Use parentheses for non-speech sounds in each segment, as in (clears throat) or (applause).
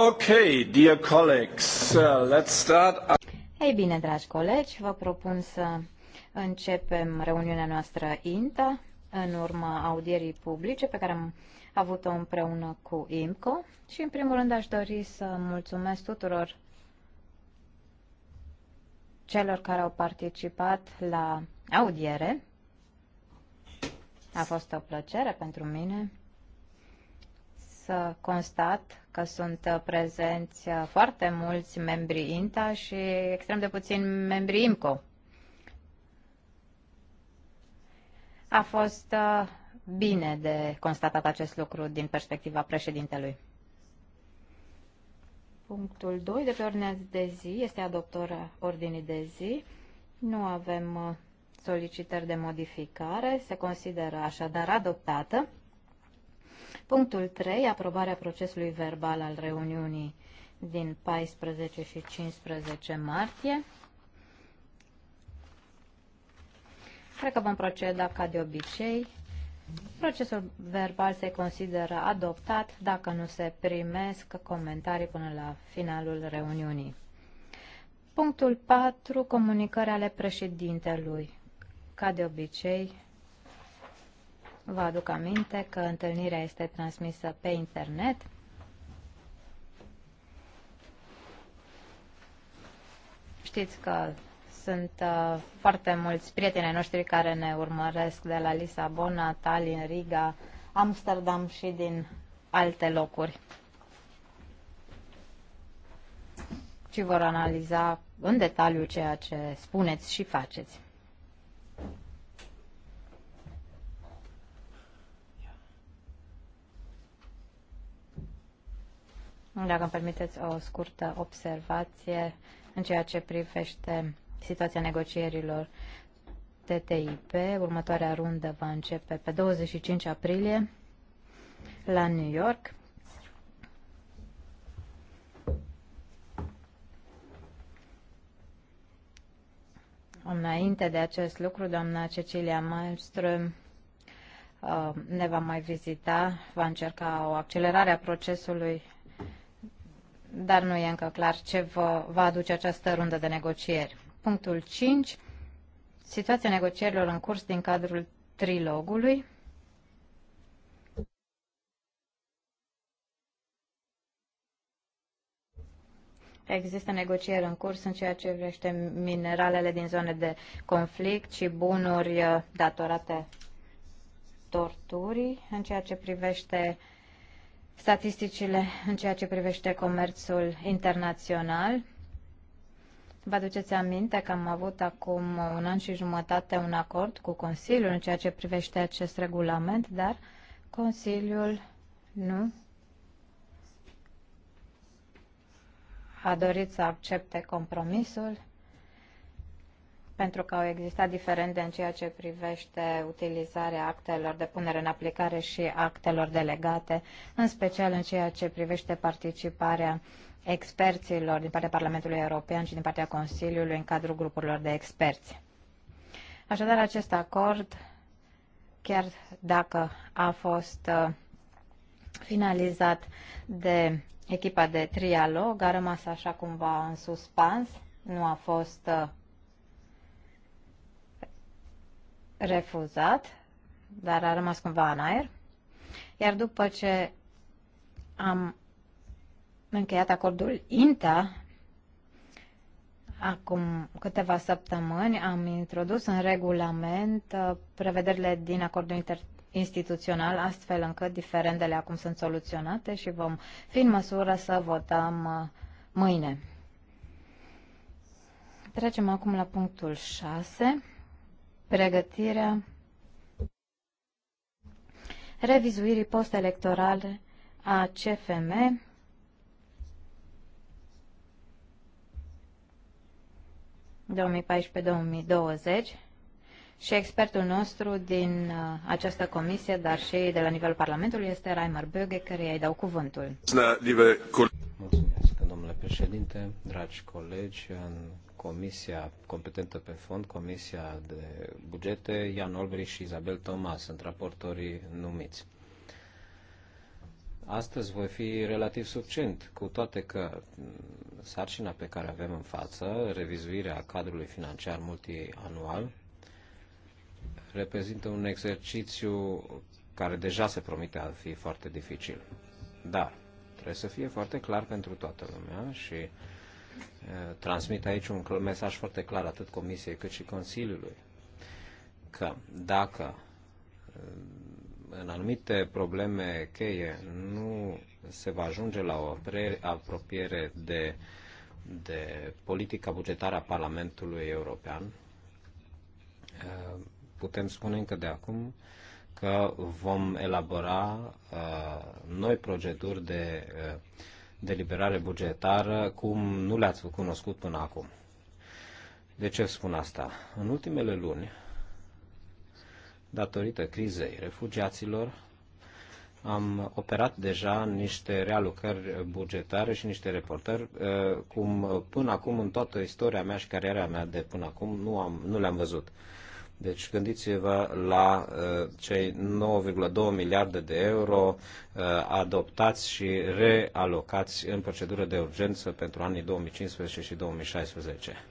Okay, dear colleagues, uh, let's start. Ei bine, dragi colegi, vă propun să începem reuniunea noastră INTA în urma audierii publice pe care am avut-o împreună cu IMCO și în primul rând aș dori să mulțumesc tuturor celor care au participat la audiere. A fost o plăcere pentru mine să constat că sunt uh, prezenți uh, foarte mulți membri INTA și extrem de puțini membri IMCO. A fost uh, bine de constatat acest lucru din perspectiva președintelui. Punctul 2 de pe ordinea de zi este adoptarea ordinii de zi. Nu avem solicitări de modificare, se consideră așadar adoptată. Punctul 3. Aprobarea procesului verbal al reuniunii din 14 și 15 martie. Cred că vom proceda ca de obicei. Procesul verbal se consideră adoptat dacă nu se primesc comentarii până la finalul reuniunii. Punctul 4. Comunicări ale președintelui. Ca de obicei, Vă aduc aminte că întâlnirea este transmisă pe internet. Știți că sunt uh, foarte mulți prietenii noștri care ne urmăresc de la Lisabona, Tallinn, Riga, Amsterdam și din alte locuri. Și vor analiza în detaliu ceea ce spuneți și faceți. Dacă îmi permiteți o scurtă observație în ceea ce privește situația negocierilor TTIP, următoarea rundă va începe pe 25 aprilie la New York. Înainte de acest lucru, doamna Cecilia Malmström uh, ne va mai vizita, va încerca o accelerare a procesului dar nu e încă clar ce vă va aduce această rundă de negocieri. Punctul 5. Situația negocierilor în curs din cadrul trilogului. Există negocieri în curs în ceea ce privește mineralele din zone de conflict și bunuri uh, datorate torturii, în ceea ce privește uh, statisticile în ceea ce privește comerțul internațional. Vă aduceți aminte că am avut acum un an și jumătate un acord cu Consiliul în ceea ce privește acest regulament, dar Consiliul nu a dorit să accepte compromisul pentru că au existat diferende în ceea ce privește utilizarea actelor de punere în aplicare și actelor delegate, în special în ceea ce privește participarea experților din partea Parlamentului European și din partea Consiliului în cadrul grupurilor de experți. Așadar, acest acord, chiar dacă a fost uh, finalizat de echipa de trialog, a rămas așa cumva în suspans, nu a fost uh, refuzat, dar a rămas cumva în aer. Iar după ce am încheiat acordul INTA, acum câteva săptămâni am introdus în regulament uh, prevederile din acordul inter instituțional, astfel încât diferendele acum sunt soluționate și vom fi în măsură să votăm uh, mâine. Trecem acum la punctul 6 pregătirea revizuirii postelectorale a CFM (2014-2020) și expertul nostru din uh, această comisie, dar și de la nivelul Parlamentului, este Reimer Böge, care îi dau cuvântul. Mulțumesc, domnule președinte, dragi colegi, în Comisia competentă pe fond, Comisia de Bugete, Ian Olbri și Isabel Toma sunt raportorii numiți. Astăzi voi fi relativ succint, cu toate că mm, sarcina pe care avem în față, revizuirea cadrului financiar multianual, reprezintă un exercițiu care deja se promite a fi foarte dificil. Dar trebuie să fie foarte clar pentru toată lumea și transmit aici un mesaj foarte clar atât Comisiei cât și Consiliului că dacă în anumite probleme cheie nu se va ajunge la o apropiere de, de politica bugetară a Parlamentului European, putem spune încă de acum că vom elabora uh, noi proceduri de uh, deliberare bugetară cum nu le-ați cunoscut până acum. De ce spun asta? În ultimele luni, datorită crizei refugiaților, am operat deja niște realocări bugetare și niște reportări, uh, cum până acum în toată istoria mea și cariera mea de până acum nu, am, nu le-am văzut. Deci gândiți-vă la uh, cei 9,2 miliarde de euro uh, adoptați și realocați în procedură de urgență pentru anii 2015 și 2016.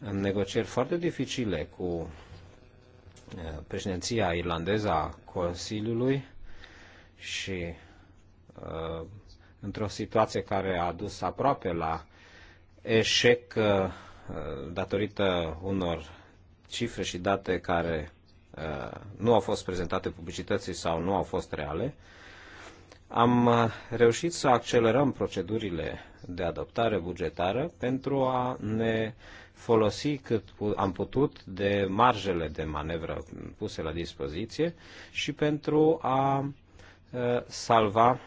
În negocieri foarte dificile cu uh, președinția irlandeză a Consiliului și uh, într-o situație care a dus aproape la eșec uh, datorită unor cifre și date care uh, nu au fost prezentate publicității sau nu au fost reale, am uh, reușit să accelerăm procedurile de adoptare bugetară pentru a ne folosi cât am putut de marjele de manevră puse la dispoziție și pentru a uh, salva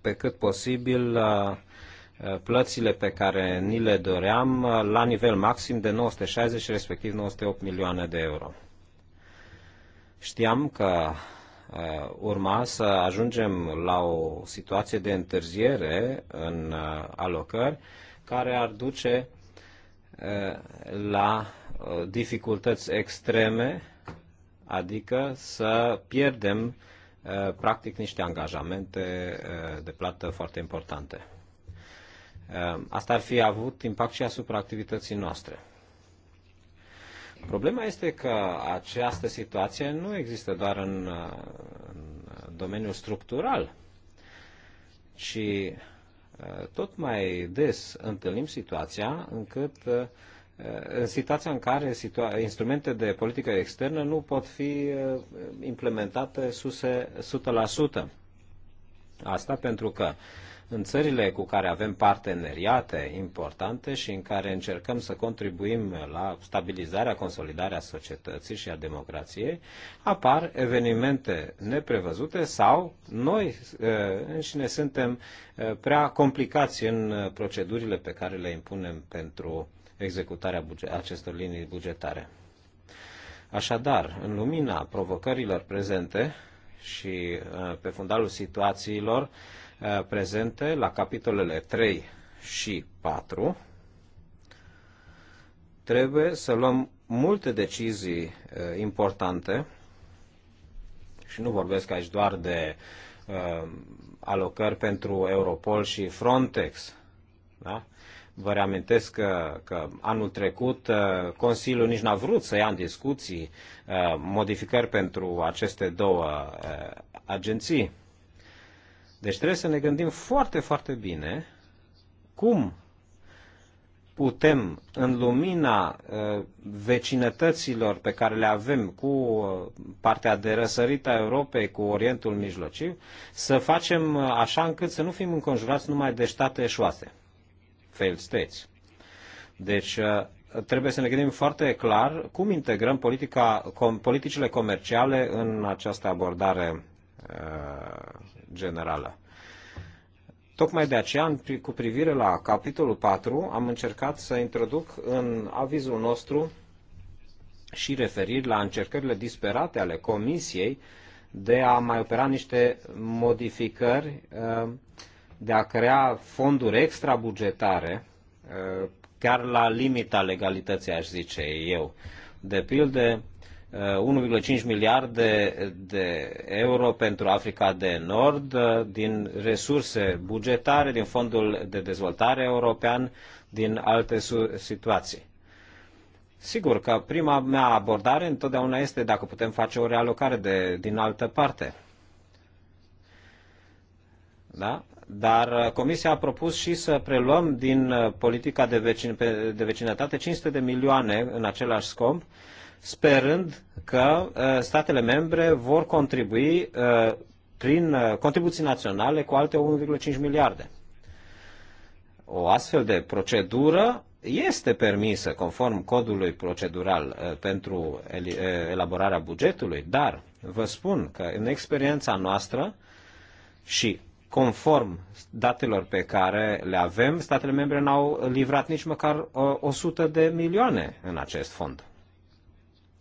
pe cât posibil Eh, plățile pe care ni le doream eh, la nivel maxim de 960 respectiv 908 milioane de euro. Știam că eh, urma să ajungem la o situație de întârziere în alocări care ar duce la dificultăți extreme, adică să pierdem practic niște angajamente de plată foarte importante. Ehm, asta ar fi avut impact și asupra activității noastre. Problema este că această situație nu există doar în, în domeniul structural, ci eh, tot mai des întâlnim situația încât eh, în situația în care situa- instrumente de politică externă nu pot fi eh, implementate suse 100%. Asta pentru că uh, în țările cu care avem parteneriate importante și în care încercăm să contribuim la stabilizarea, consolidarea societății și a democrației, apar evenimente neprevăzute sau noi eh, înșine suntem eh, prea complicați în eh, procedurile pe care le impunem pentru executarea acestor linii bugetare. Așadar, în lumina provocărilor prezente și pe fundalul situațiilor Eh, prezente la capitolele 3 și 4, trebuie să luăm multe decizii eh, importante și nu vorbesc aici doar de eh, alocări pentru Europol și Frontex. Da? Vă reamintesc că, că anul trecut Consiliul nici n-a vrut să ia în discuții modificări pentru aceste două agenții. Deci trebuie să ne gândim foarte, foarte bine cum putem, în lumina uh, vecinătăților pe care le avem cu uh, partea de răsărită a Europei, cu Orientul Mijlociu, să facem uh, așa încât să nu fim înconjurați numai de state eșoase, failed states. Deci trebuie să ne gândim foarte clar cum integrăm politica, com, politicile comerciale în această abordare Uh, generală. Tocmai de aceea, cu privire la capitolul 4, am încercat să introduc în avizul nostru și referiri la încercările disperate ale Comisiei de a mai opera niște modificări, uh, de a crea fonduri extrabugetare, uh, chiar la limita legalității, aș zice eu. De pildă, 1,5 miliarde de euro pentru Africa de Nord din resurse bugetare, din Fondul de Dezvoltare European, din alte situații. Sigur că prima mea abordare întotdeauna este dacă putem face o realocare de, din altă parte. Da? Dar Comisia a propus și să preluăm din politica de, vecin, de vecinătate 500 de milioane în același scop, sperând că uh, statele membre vor contribui uh, prin uh, contribuții naționale cu alte 1,5 miliarde. O astfel de procedură este permisă conform codului procedural pentru elaborarea bugetului, dar vă spun că în experiența noastră și conform datelor pe care le avem, statele membre n-au livrat nici măcar 100 de milioane în acest fond.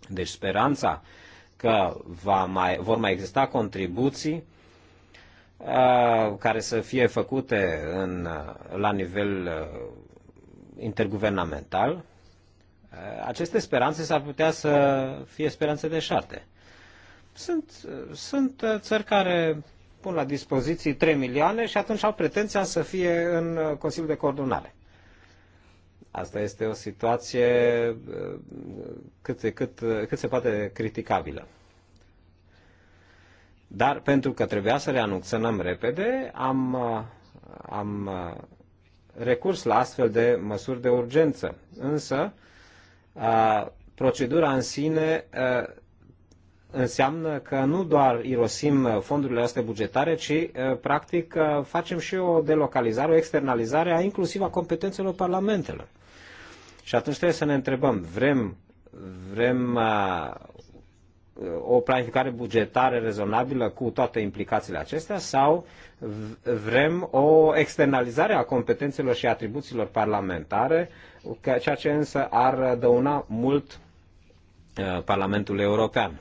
Deci speranța că va mai, vor mai exista contribuții uh, care să fie făcute în, uh, la nivel uh, interguvernamental, uh, aceste speranțe s-ar putea să fie speranțe deșarte. Sunt, uh, sunt uh, țări care pun la dispoziție 3 milioane și atunci au pretenția să fie în Consiliul de Coordonare. Asta este o situație uh, cât, cât, uh, cât se poate criticabilă. Dar pentru că trebuia să reanunțăm repede, am, uh, am recurs la astfel de măsuri de urgență. Însă, a, procedura în sine a, înseamnă că nu doar irosim fondurile astea bugetare, ci a, practic facem și o delocalizare, o externalizare a inclusiv a competențelor parlamentelor. Și atunci trebuie să ne întrebăm, vrem, vrem uh, o planificare bugetară rezonabilă cu toate implicațiile acestea sau vrem o externalizare a competențelor și atribuțiilor parlamentare, ceea ce însă ar dăuna mult uh, Parlamentul European.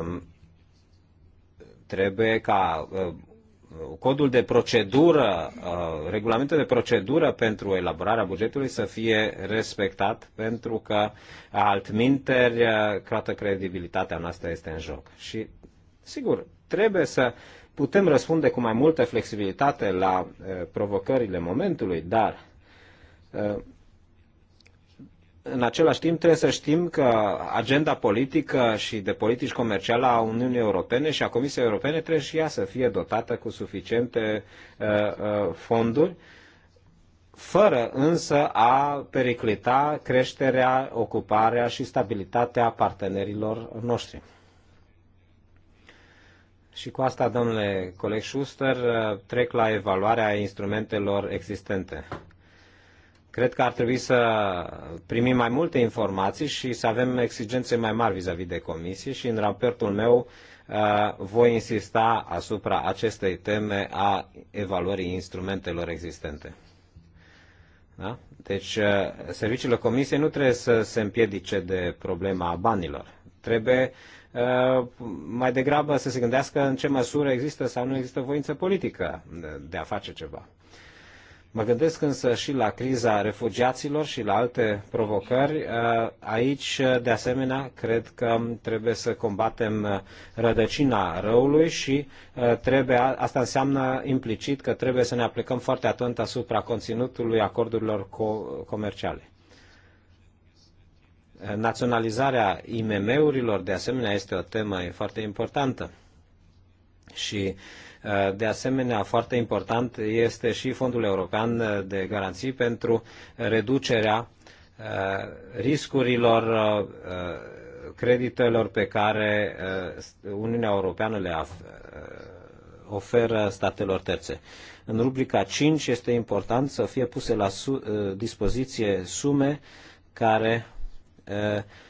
Um, trebuie ca uh, codul de procedură, uh, regulamentul de procedură pentru elaborarea bugetului să fie respectat, pentru că altminteri, uh, toată credibilitatea noastră este în joc. Și, sigur, trebuie să putem răspunde cu mai multă flexibilitate la uh, provocările momentului, dar în același timp trebuie să știm că agenda politică și de politici comerciale a Uniunii Europene și a Comisiei Europene trebuie și ea să fie dotată cu suficiente uh, uh, fonduri, fără însă a periclita creșterea, ocuparea și stabilitatea partenerilor noștri. Și cu asta, domnule coleg Schuster, uh, trec la evaluarea instrumentelor existente. Cred că ar trebui să primim mai multe informații și să avem exigențe mai mari vis-a-vis -vis de comisie și în raportul meu uh, voi insista asupra acestei teme a evaluării instrumentelor existente. Da? Deci, uh, serviciile comisiei nu trebuie să se împiedice de problema banilor. Trebuie uh, mai degrabă să se gândească în ce măsură există sau nu există voință politică de a face ceva. Mă gândesc însă și la criza refugiaților și la alte provocări. Uh, aici, uh, de asemenea, cred că trebuie să combatem uh, rădăcina răului și trebuie, asta înseamnă implicit că trebuie să ne aplicăm foarte atent asupra conținutului acordurilor comerciale. Naționalizarea IMM-urilor, de asemenea, este o temă foarte importantă. Și uh, Uh, de asemenea, foarte important este și Fondul European uh, de Garanții pentru reducerea uh, riscurilor creditelor pe care Uniunea Europeană le oferă statelor terțe. În rubrica 5 este important să fie puse la dispoziție sume care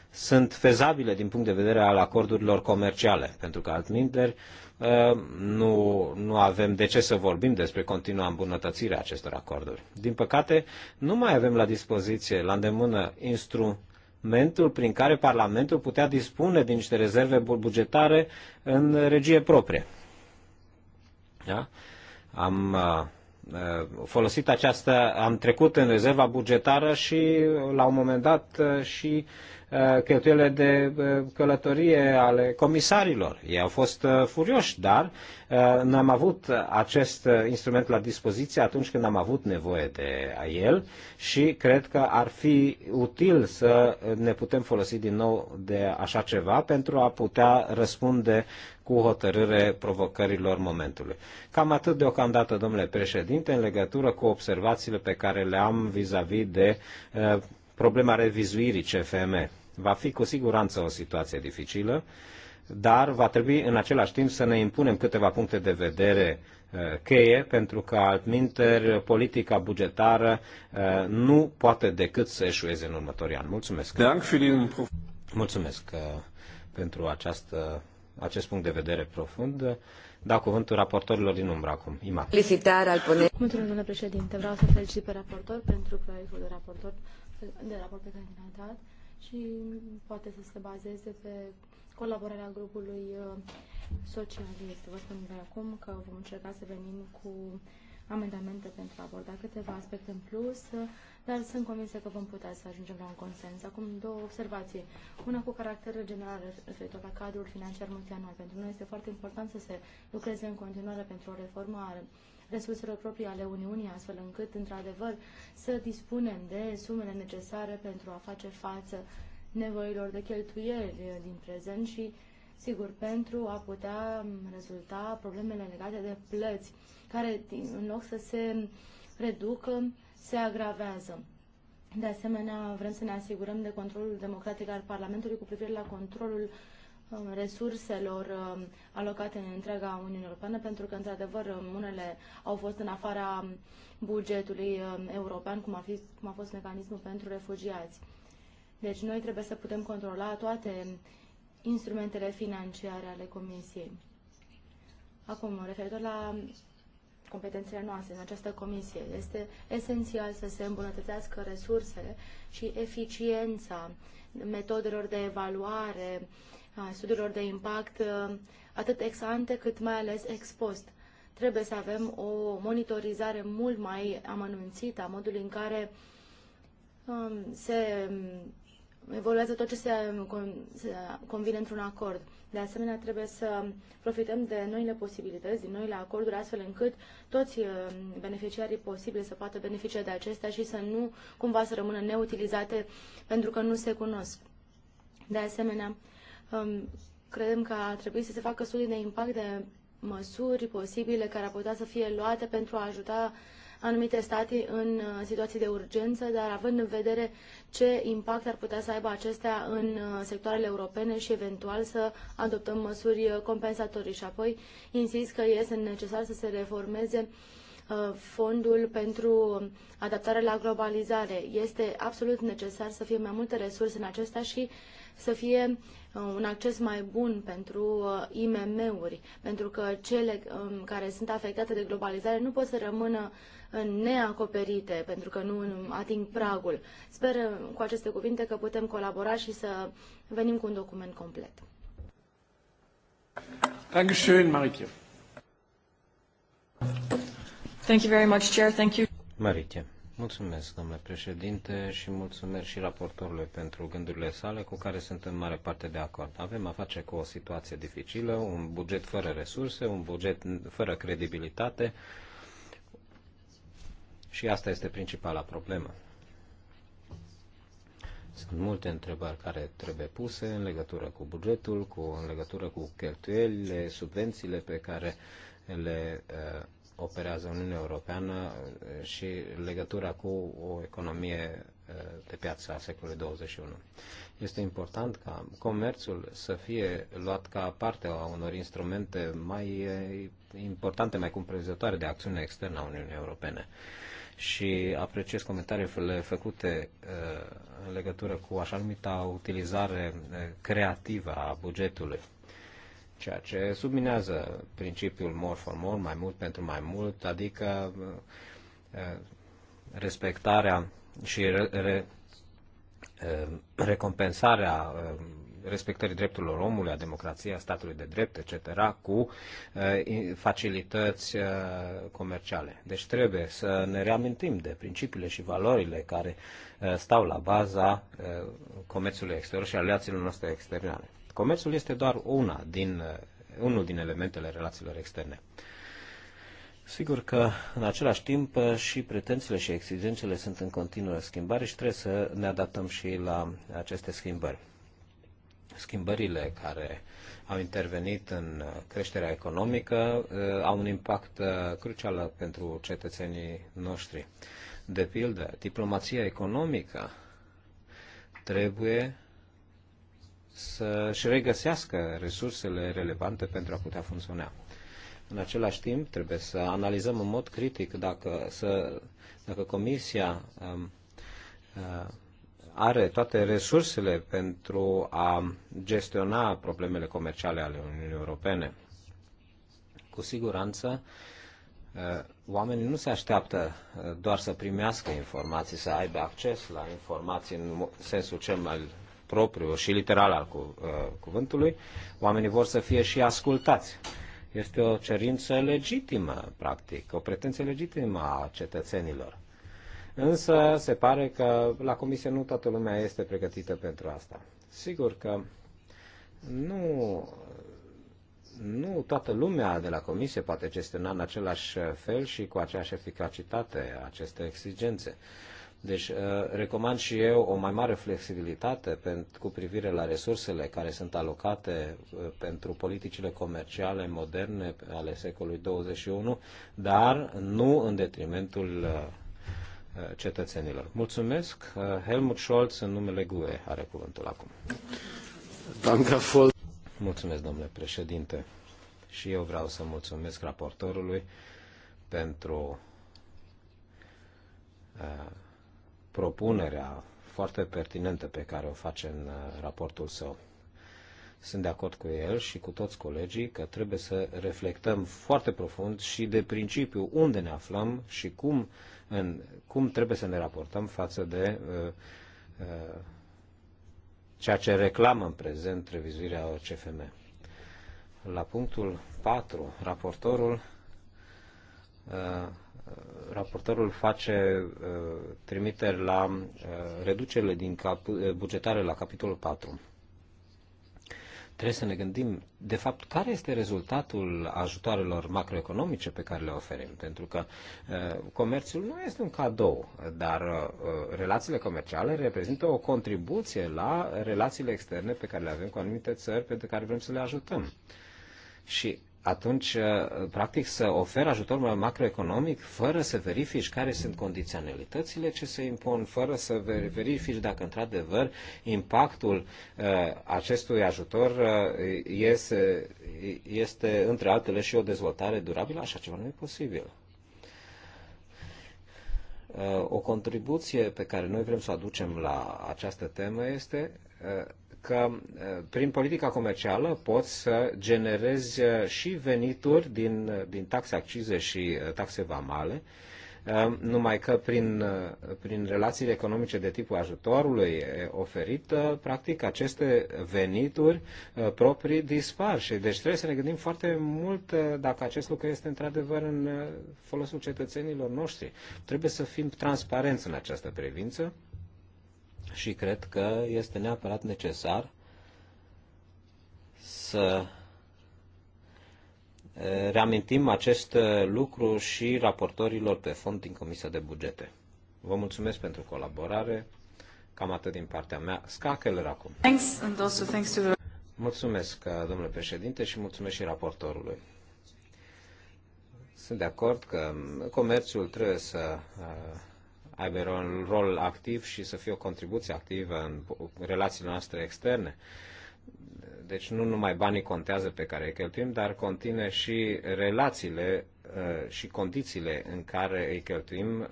sunt fezabile din punct de vedere al acordurilor comerciale, pentru că altminteri Ă, nu, nu avem de ce să vorbim despre continua îmbunătățire a acestor acorduri. Din păcate, nu mai avem la dispoziție, la îndemână, instrumentul prin care Parlamentul putea dispune din niște rezerve bugetare în regie proprie. Da? Am ă, ă, folosit această, am trecut în rezerva bugetară și la un moment dat și Uh, cheltuielile de uh, călătorie ale comisarilor. Ei au fost uh, furioși, dar noi am avut acest instrument la dispoziție atunci când am avut nevoie de el și cred că ar fi util să ne putem folosi din nou de așa ceva pentru a putea răspunde cu hotărâre provocărilor momentului. Cam atât deocamdată, domnule președinte, în legătură cu observațiile pe care le am vis-a-vis -vis de uh, problema revizuirii CFM. Va fi cu siguranță o situație dificilă, dar va trebui în același timp să ne impunem câteva puncte de vedere uh, cheie, pentru că altminteri politica bugetară uh, nu poate decât să eșueze în următorii ani. Mulțumesc! Mulțumesc uh, pentru această, acest punct de vedere profund. Da cuvântul raportorilor din umbră acum. Ima. Felicitar al pune. Mulțumesc, domnule președinte. Vreau să felicit pe raportor pentru proiectul de raportor de raport pe care l-a dat și poate să se bazeze pe colaborarea grupului uh, socialist. Vă spun de acum că vom încerca să venim cu amendamente pentru a aborda câteva aspecte în plus, dar sunt convinsă că vom putea să ajungem la un consens. Acum două observații. Una cu caracter general referitor la cadrul financiar multianual. Pentru noi este foarte important să se lucreze în continuare pentru o reformă a resurselor proprii ale Uniunii, astfel încât, într-adevăr, să dispunem de sumele necesare pentru a face față nevoilor de cheltuieli eh, din prezent și, sigur, pentru a putea mm, rezulta problemele legate de plăți, care, în loc să se reducă, se agravează. De asemenea, vrem să ne asigurăm de controlul democratic al Parlamentului cu privire la controlul uh, Um, resurselor um, alocate în întreaga Uniunii Europeană, pentru că, într-adevăr, um, unele au fost în afara bugetului european, cum a, fi, cum a fost mecanismul pentru refugiați. Deci noi trebuie să putem controla toate instrumentele financiare ale Comisiei. Acum, referitor la competențele noastre în această comisie, este esențial să se îmbunătățească resursele și eficiența metodelor de evaluare uh, a studiilor de impact, uh, atât ex ante cât mai ales ex post. Trebuie să avem o monitorizare mult mai amănunțită a modului în care um, se um, evoluează tot ce se, um, se convine într-un acord. De asemenea, trebuie să profităm de noile posibilități, din noile acorduri, astfel încât toți beneficiarii posibili să poată beneficia de acestea și să nu cumva să rămână neutilizate pentru că nu se cunosc. De asemenea, Credem că ar trebui să se facă studii de impact de măsuri posibile care ar putea să fie luate pentru a ajuta anumite state în uh, situații de urgență, dar având în vedere ce impact ar putea să aibă acestea în uh, sectoarele europene și eventual să adoptăm măsuri compensatorii. Și apoi insist că este necesar să se reformeze uh, fondul pentru adaptare la globalizare. Este absolut necesar să fie mai multe resurse în acesta și să fie uh, un acces mai bun pentru uh, IMM-uri, pentru că cele um, care sunt afectate de globalizare nu pot să rămână uh, neacoperite, pentru că nu um, ating pragul. Sper cu aceste cuvinte că putem colabora și să venim cu un document complet. Dankeschön, Marietje. Thank you very much, Chair. Thank you. Maritie. Mulțumesc, domnule președinte, și mulțumesc și raportorului pentru gândurile sale, cu care sunt în mare parte de acord. Avem a face cu o situație dificilă, un buget fără resurse, un buget fără credibilitate și asta este principala problemă. Sunt multe întrebări care trebuie puse în legătură cu bugetul, cu, în legătură cu cheltuielile, subvențiile pe care le uh, operează Uniunea Europeană eh, și legătura cu o economie eh, de piață a secolului 21. Este important ca comerțul să fie luat ca parte a unor instrumente mai eh, importante, mai cumprezătoare de acțiune externă a Uniunii Europene. Și apreciez comentariile făcute în legătură cu așa numita utilizare creativă a bugetului ceea ce subminează principiul more for more, mai mult pentru mai mult, adică uh, respectarea și re, re, uh, recompensarea uh, respectării drepturilor omului, a democrației, a statului de drept, etc., cu facilități comerciale. Deci trebuie să ne reamintim de principiile și valorile care stau la baza comerțului exterior și aliațiilor noastre externe. Comerțul este doar una din, eh, unul din elementele relațiilor externe. Sigur că, în același timp, eh, și pretențiile și exigențele sunt în continuă schimbare și trebuie să ne adaptăm și la aceste schimbări. Schimbările care au intervenit în eh, creșterea economică au un impact crucial pentru cetățenii noștri. De pildă, diplomația economică trebuie să-și regăsească resursele relevante pentru a putea funcționa. În același timp, trebuie să analizăm în mod critic dacă, să, dacă Comisia um, uh, are toate resursele pentru a gestiona problemele comerciale ale Uniunii Europene. Cu siguranță, uh, oamenii nu se așteaptă uh, doar să primească informații, să aibă acces la informații în sensul cel mai propriu și literal al cu, uh, cuvântului, oamenii vor să fie și ascultați. Este o cerință legitimă, practic, o pretenție legitimă a cetățenilor. Însă se pare că la comisie nu toată lumea este pregătită pentru asta. Sigur că nu, nu toată lumea de la comisie poate gestiona în același fel și cu aceeași eficacitate aceste exigențe. Deci uh, recomand și eu o mai mare flexibilitate cu privire la resursele care sunt alocate uh, pentru politicile comerciale moderne ale secolului 21, dar nu în detrimentul uh, cetățenilor. Mulțumesc. Helmut Scholz în numele GUE are cuvântul acum. Mulțumesc, domnule președinte. Și eu vreau să mulțumesc raportorului pentru propunerea foarte pertinentă pe care o face în uh, raportul său. Sunt de acord cu el și cu toți colegii că trebuie să reflectăm foarte profund și de principiu unde ne aflăm și cum, în, cum trebuie să ne raportăm față de uh, uh, ceea ce reclamă în prezent revizuirea CFM. La punctul 4, raportorul uh, raportorul face uh, trimiteri la uh, reducerile din cap, uh, bugetare la capitolul 4. Trebuie să ne gândim, de fapt, care este rezultatul ajutoarelor macroeconomice pe care le oferim. Pentru că comerțul nu este un cadou, dar relațiile comerciale reprezintă o contribuție la relațiile externe pe care le avem cu anumite țări pe care vrem să le ajutăm. Și atunci, uh, practic, să oferă ajutor macroeconomic fără să verifici care sunt condiționalitățile ce se impun, fără să verifici dacă, într-adevăr, impactul uh, acestui ajutor uh, este, este, între altele, și o dezvoltare durabilă. Așa ceva nu e posibil. O contribuție pe care noi vrem să o aducem la această temă este că prin politica comercială poți să generezi și venituri din, din taxe accize și taxe vamale, numai că prin, prin relațiile economice de tipul ajutorului oferit, practic aceste venituri proprii dispar și deci trebuie să ne gândim foarte mult dacă acest lucru este într-adevăr în folosul cetățenilor noștri. Trebuie să fim transparenți în această privință și cred că este neapărat necesar să eh, reamintim acest eh, lucru și raportorilor pe fond din Comisia de Bugete. Vă mulțumesc pentru colaborare. Cam atât din partea mea. Scacheler acum. Thanks and also thanks to the... Mulțumesc, eh, domnule președinte, și mulțumesc și raportorului. Sunt de acord că mm, comerțul trebuie să aibă un rol activ și să fie o contribuție activă în relațiile noastre externe. Deci nu numai banii contează pe care îi cheltuim, dar contine și relațiile uh, și condițiile în care îi cheltuim uh,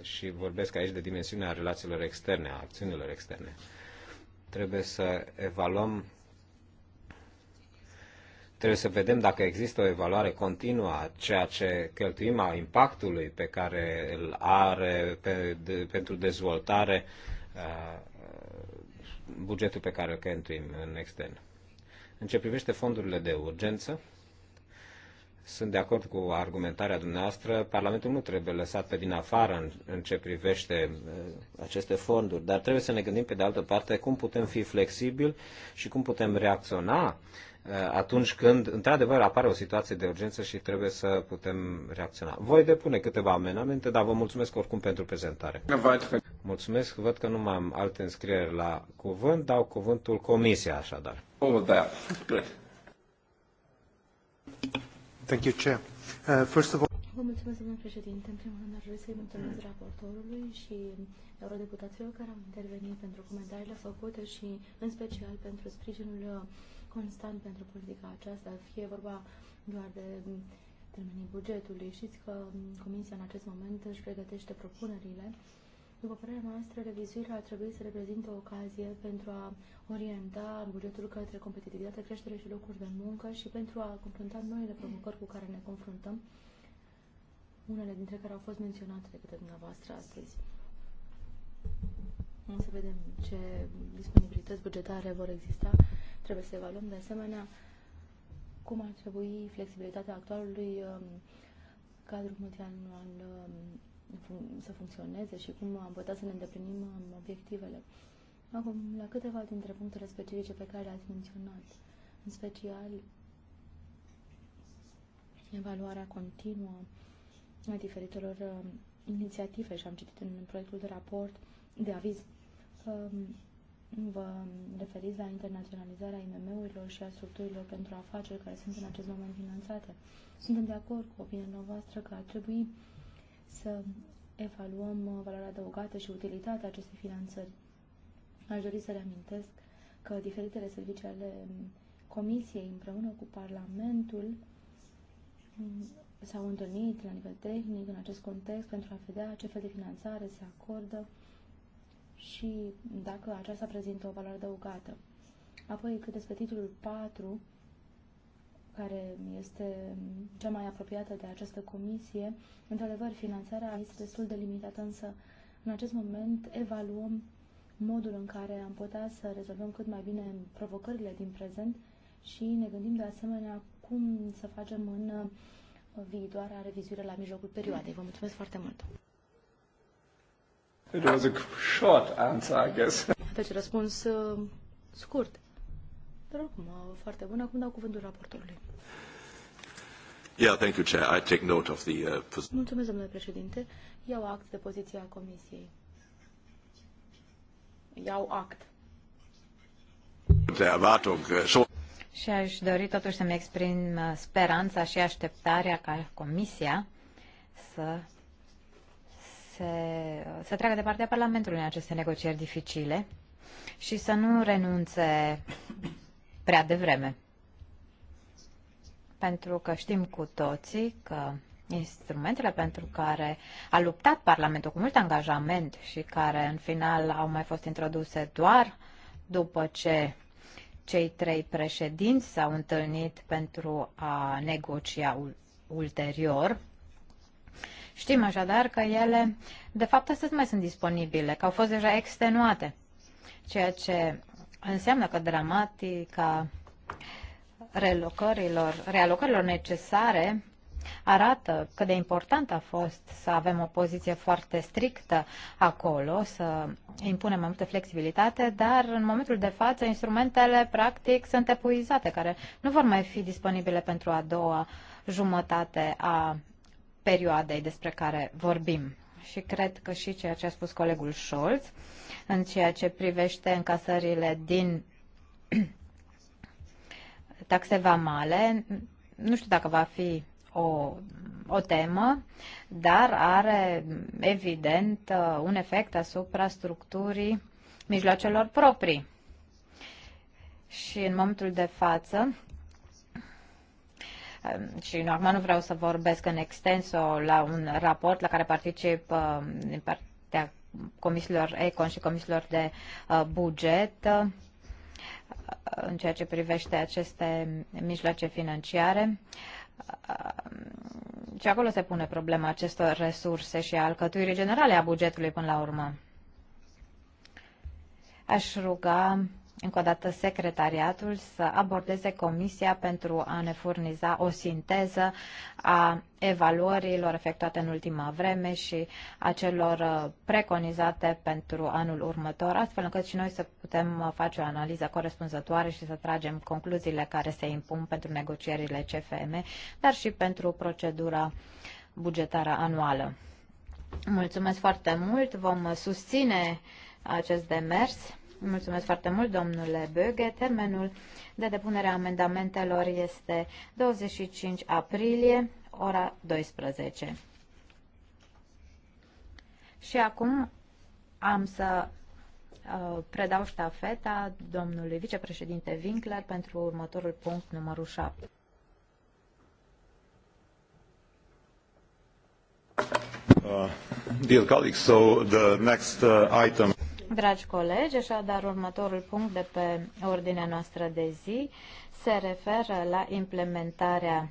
și vorbesc aici de dimensiunea relațiilor externe, a acțiunilor externe. Trebuie să evaluăm Trebuie să vedem dacă există o evaluare continuă a ceea ce cheltuim, a impactului pe care îl are pe, de, pentru dezvoltare uh, bugetul pe care îl cheltuim în extern. În ce privește fondurile de urgență, sunt de acord cu argumentarea dumneavoastră. Parlamentul nu trebuie lăsat pe din afară în, în ce privește uh, aceste fonduri, dar trebuie să ne gândim pe de altă parte cum putem fi flexibili și cum putem reacționa Uh, atunci când, într-adevăr, apare o situație de urgență și trebuie să putem reacționa. Voi depune câteva amenamente, dar vă mulțumesc oricum pentru prezentare. Mulțumesc, văd că nu mai am alte înscrieri la cuvânt, dau cuvântul comisia așadar. Oh, da. Thank you, Chair. Uh, first of all... Vă mulțumesc, domnule președinte. În primul rând, aș vrea să-i mulțumesc raportorului și eurodeputaților care au intervenit pentru comentariile făcute și, în special, pentru sprijinul constant pentru politica aceasta, fie vorba doar de termenii bugetului. Știți că Comisia, în acest moment, își pregătește propunerile. După părerea noastră, revizuirea ar trebui să reprezinte o ocazie pentru a orienta bugetul către competitivitate, creștere și locuri de muncă și pentru a confrunta noile provocări cu care ne confruntăm unele dintre care au fost menționate de către dumneavoastră astăzi. O să vedem ce disponibilități bugetare vor exista. Trebuie să evaluăm de asemenea cum ar trebui flexibilitatea actualului um, cadru multianual um, să funcționeze și cum am putea să ne îndeplinim um, obiectivele. Acum, la câteva dintre punctele specifice pe care le-ați menționat, în special evaluarea continuă a diferitelor uh, inițiative și am citit în proiectul de raport, de aviz, um, vă referiți la internaționalizarea IMM-urilor și a structurilor pentru afaceri care sunt în acest moment finanțate. Suntem de acord cu opinia noastră că ar trebui să evaluăm uh, valoarea adăugată și utilitatea acestei finanțări. Aș dori să reamintesc că diferitele servicii ale um, Comisiei împreună cu Parlamentul um, s-au întâlnit la nivel tehnic în acest context pentru a vedea ce fel de finanțare se acordă și dacă aceasta prezintă o valoare adăugată. Apoi, cât despre titlul 4, care este cea mai apropiată de această comisie, într-adevăr, finanțarea este destul de limitată, însă în acest moment evaluăm modul în care am putea să rezolvăm cât mai bine provocările din prezent și ne gândim de asemenea cum să facem în viitoarea revizuire la mijlocul perioadei. Vă mulțumesc foarte mult! It was a short answer, I guess. Deci răspuns uh, scurt. Dar oricum, uh, foarte bun. Acum dau cuvântul raportorului. Yeah, thank you, Chair. I take note of the... Uh, Mulțumesc, domnule președinte. Iau act de poziția Comisiei. Iau act. De Erwartung. Uh, și aș dori totuși să-mi exprim uh, speranța și așteptarea ca Comisia să, se, să treacă de partea Parlamentului în aceste negocieri dificile și să nu renunțe prea devreme. Pentru că știm cu toții că instrumentele pentru care a luptat Parlamentul cu mult angajament și care în final au mai fost introduse doar după ce cei trei președinți s-au întâlnit pentru a negocia ulterior. Știm așadar că ele, de fapt, astăzi mai sunt disponibile, că au fost deja extenuate, ceea ce înseamnă că dramatica relocărilor, realocărilor necesare arată cât de important a fost să avem o poziție foarte strictă acolo, să impunem mai multă flexibilitate, dar în momentul de față instrumentele practic sunt epuizate, care nu vor mai fi disponibile pentru a doua jumătate a perioadei despre care vorbim. Și cred că și ceea ce a spus colegul Scholz, în ceea ce privește încasările din (clears throat) taxe vamale, nu știu dacă va fi o, o temă, dar are evident uh, un efect asupra structurii mijloacelor proprii. Și în momentul de față, um, și acum nu vreau să vorbesc în extenso la un raport la care particip uh, din partea comisiilor ECON și comisiilor de uh, buget în ceea ce privește aceste mijloace financiare. Um, și acolo se pune problema acestor resurse și a alcătuirii generale a bugetului până la urmă. Aș ruga încă o dată secretariatul să abordeze comisia pentru a ne furniza o sinteză a evaluărilor efectuate în ultima vreme și a celor uh, preconizate pentru anul următor, astfel încât și noi să putem uh, face o analiză corespunzătoare și să tragem concluziile care se impun pentru negocierile CFM, dar și pentru procedura bugetară anuală. Mulțumesc foarte mult, vom susține acest demers. Mulțumesc foarte mult, domnule Böge. Termenul de depunere a amendamentelor este 25 aprilie, ora 12. Și acum am să uh, predau ștafeta domnului vicepreședinte Winkler pentru următorul punct numărul 7. Uh, dear colleagues, so the next uh, item Dragi colegi, așadar următorul punct de pe ordinea noastră de zi se referă la implementarea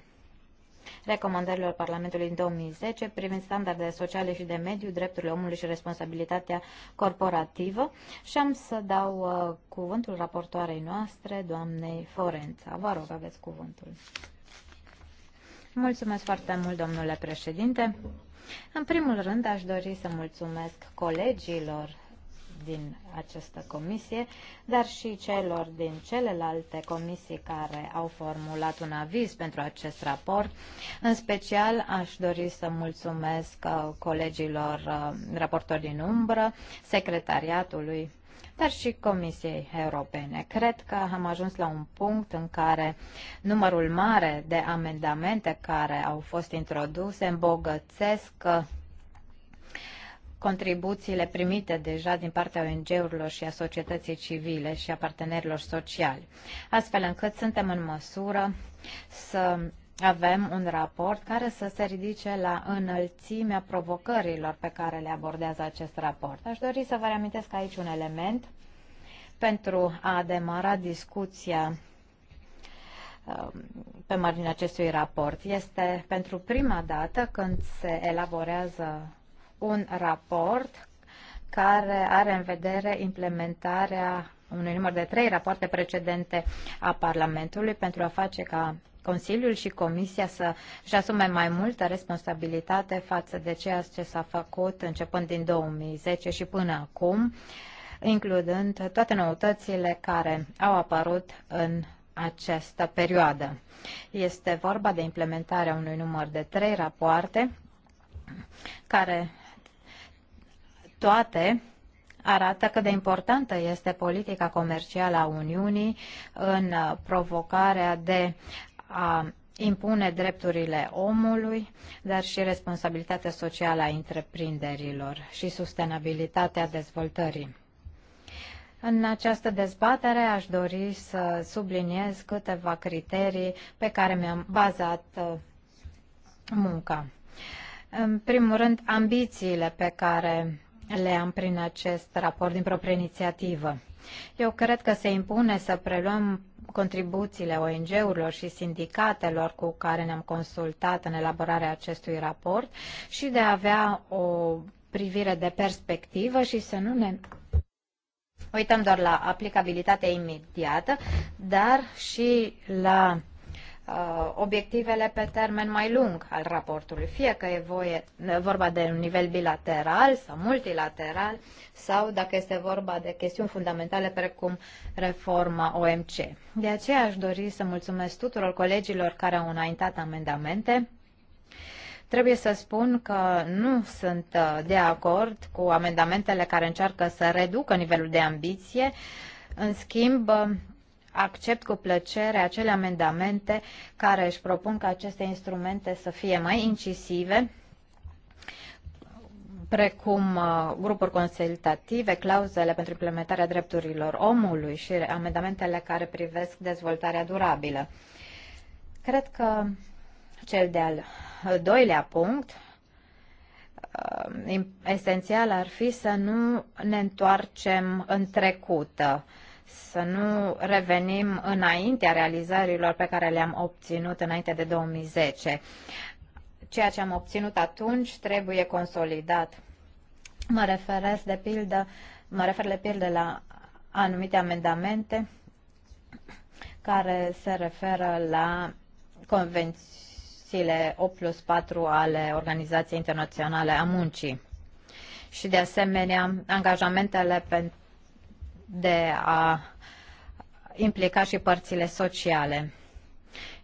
recomandărilor Parlamentului în 2010 privind standardele sociale și de mediu, drepturile omului și responsabilitatea corporativă și am să dau uh, cuvântul raportoarei noastre, doamnei Forența. Vă rog, aveți cuvântul. Mulțumesc foarte mult, domnule președinte. În primul rând, aș dori să mulțumesc colegilor din această comisie, dar și celor din celelalte comisii care au formulat un aviz pentru acest raport. În special, aș dori să mulțumesc uh, colegilor uh, raportori din umbră, secretariatului dar și Comisiei Europene. Cred că am ajuns la un punct în care numărul mare de amendamente care au fost introduse îmbogățesc uh, contribuțiile primite deja din partea ONG-urilor și a societății civile și a partenerilor sociali, astfel încât suntem în măsură să avem un raport care să se ridice la înălțimea provocărilor pe care le abordează acest raport. Aș dori să vă reamintesc aici un element pentru a demara discuția um, pe marginea acestui raport. Este pentru prima dată când se elaborează un raport care are în vedere implementarea unui număr de trei rapoarte precedente a Parlamentului pentru a face ca Consiliul și Comisia să își asume mai multă responsabilitate față de ceea ce s-a făcut începând din 2010 și până acum, includând toate noutățile care au apărut în această perioadă. Este vorba de implementarea unui număr de trei rapoarte care toate arată cât de importantă este politica comercială a Uniunii în provocarea de a impune drepturile omului, dar și responsabilitatea socială a întreprinderilor și sustenabilitatea dezvoltării. În această dezbatere aș dori să subliniez câteva criterii pe care mi-am bazat uh, munca. În primul rând, ambițiile pe care le-am prin acest raport din proprie inițiativă. Eu cred că se impune să preluăm contribuțiile ONG-urilor și sindicatelor cu care ne-am consultat în elaborarea acestui raport și de a avea o privire de perspectivă și să nu ne uităm doar la aplicabilitatea imediată, dar și la Uh, obiectivele pe termen mai lung al raportului, fie că e voie, vorba de un nivel bilateral sau multilateral, sau dacă este vorba de chestiuni fundamentale precum reforma OMC. De aceea aș dori să mulțumesc tuturor colegilor care au înaintat amendamente. Trebuie să spun că nu sunt uh, de acord cu amendamentele care încearcă să reducă nivelul de ambiție. În schimb, accept cu plăcere acele amendamente care își propun ca aceste instrumente să fie mai incisive, precum uh, grupuri consultative, clauzele pentru implementarea drepturilor omului și amendamentele care privesc dezvoltarea durabilă. Cred că cel de-al uh, doilea punct uh, esențial ar fi să nu ne întoarcem în trecut să nu revenim înaintea realizărilor pe care le-am obținut înainte de 2010. Ceea ce am obținut atunci trebuie consolidat. Mă referesc de pildă, mă refer de pildă la anumite amendamente care se referă la convențiile 8 plus 4 ale Organizației Internaționale a Muncii și de asemenea angajamentele pentru de a implica și părțile sociale.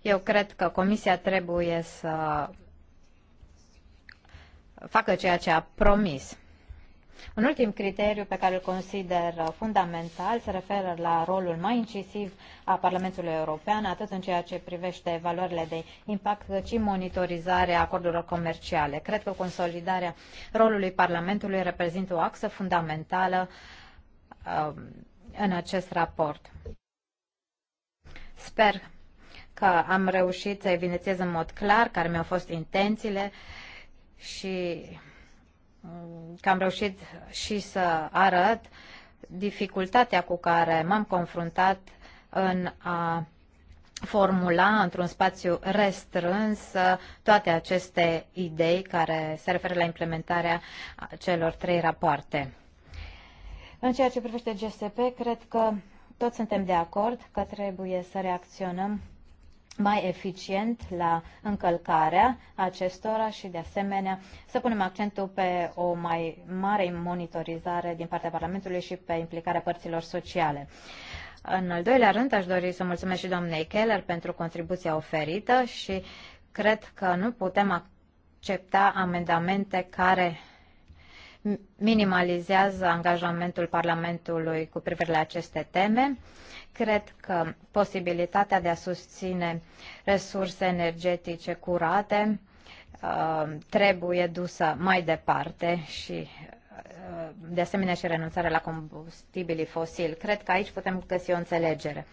Eu cred că Comisia trebuie să facă ceea ce a promis. Un ultim criteriu pe care îl consider fundamental se referă la rolul mai incisiv a Parlamentului European, atât în ceea ce privește valorile de impact, cât și monitorizarea acordurilor comerciale. Cred că consolidarea rolului Parlamentului reprezintă o axă fundamentală uh, Um, în acest raport. Sper că am reușit să evidențiez în mod clar care mi-au fost intențiile și um, că am reușit și să arăt dificultatea cu care m-am confruntat în a formula într-un spațiu restrâns toate aceste idei care se referă la implementarea celor trei rapoarte. În ceea ce privește GSP, cred că toți suntem de acord că trebuie să reacționăm mai eficient la încălcarea acestora și, de asemenea, să punem accentul pe o mai mare monitorizare din partea Parlamentului și pe implicarea părților sociale. În al doilea rând, aș dori să mulțumesc și doamnei Keller pentru contribuția oferită și cred că nu putem accepta amendamente care minimalizează angajamentul Parlamentului cu privire la aceste teme. Cred că posibilitatea de a susține resurse energetice curate uh, trebuie dusă mai departe și uh, de asemenea și renunțarea la combustibilii fosili. Cred că aici putem găsi o înțelegere.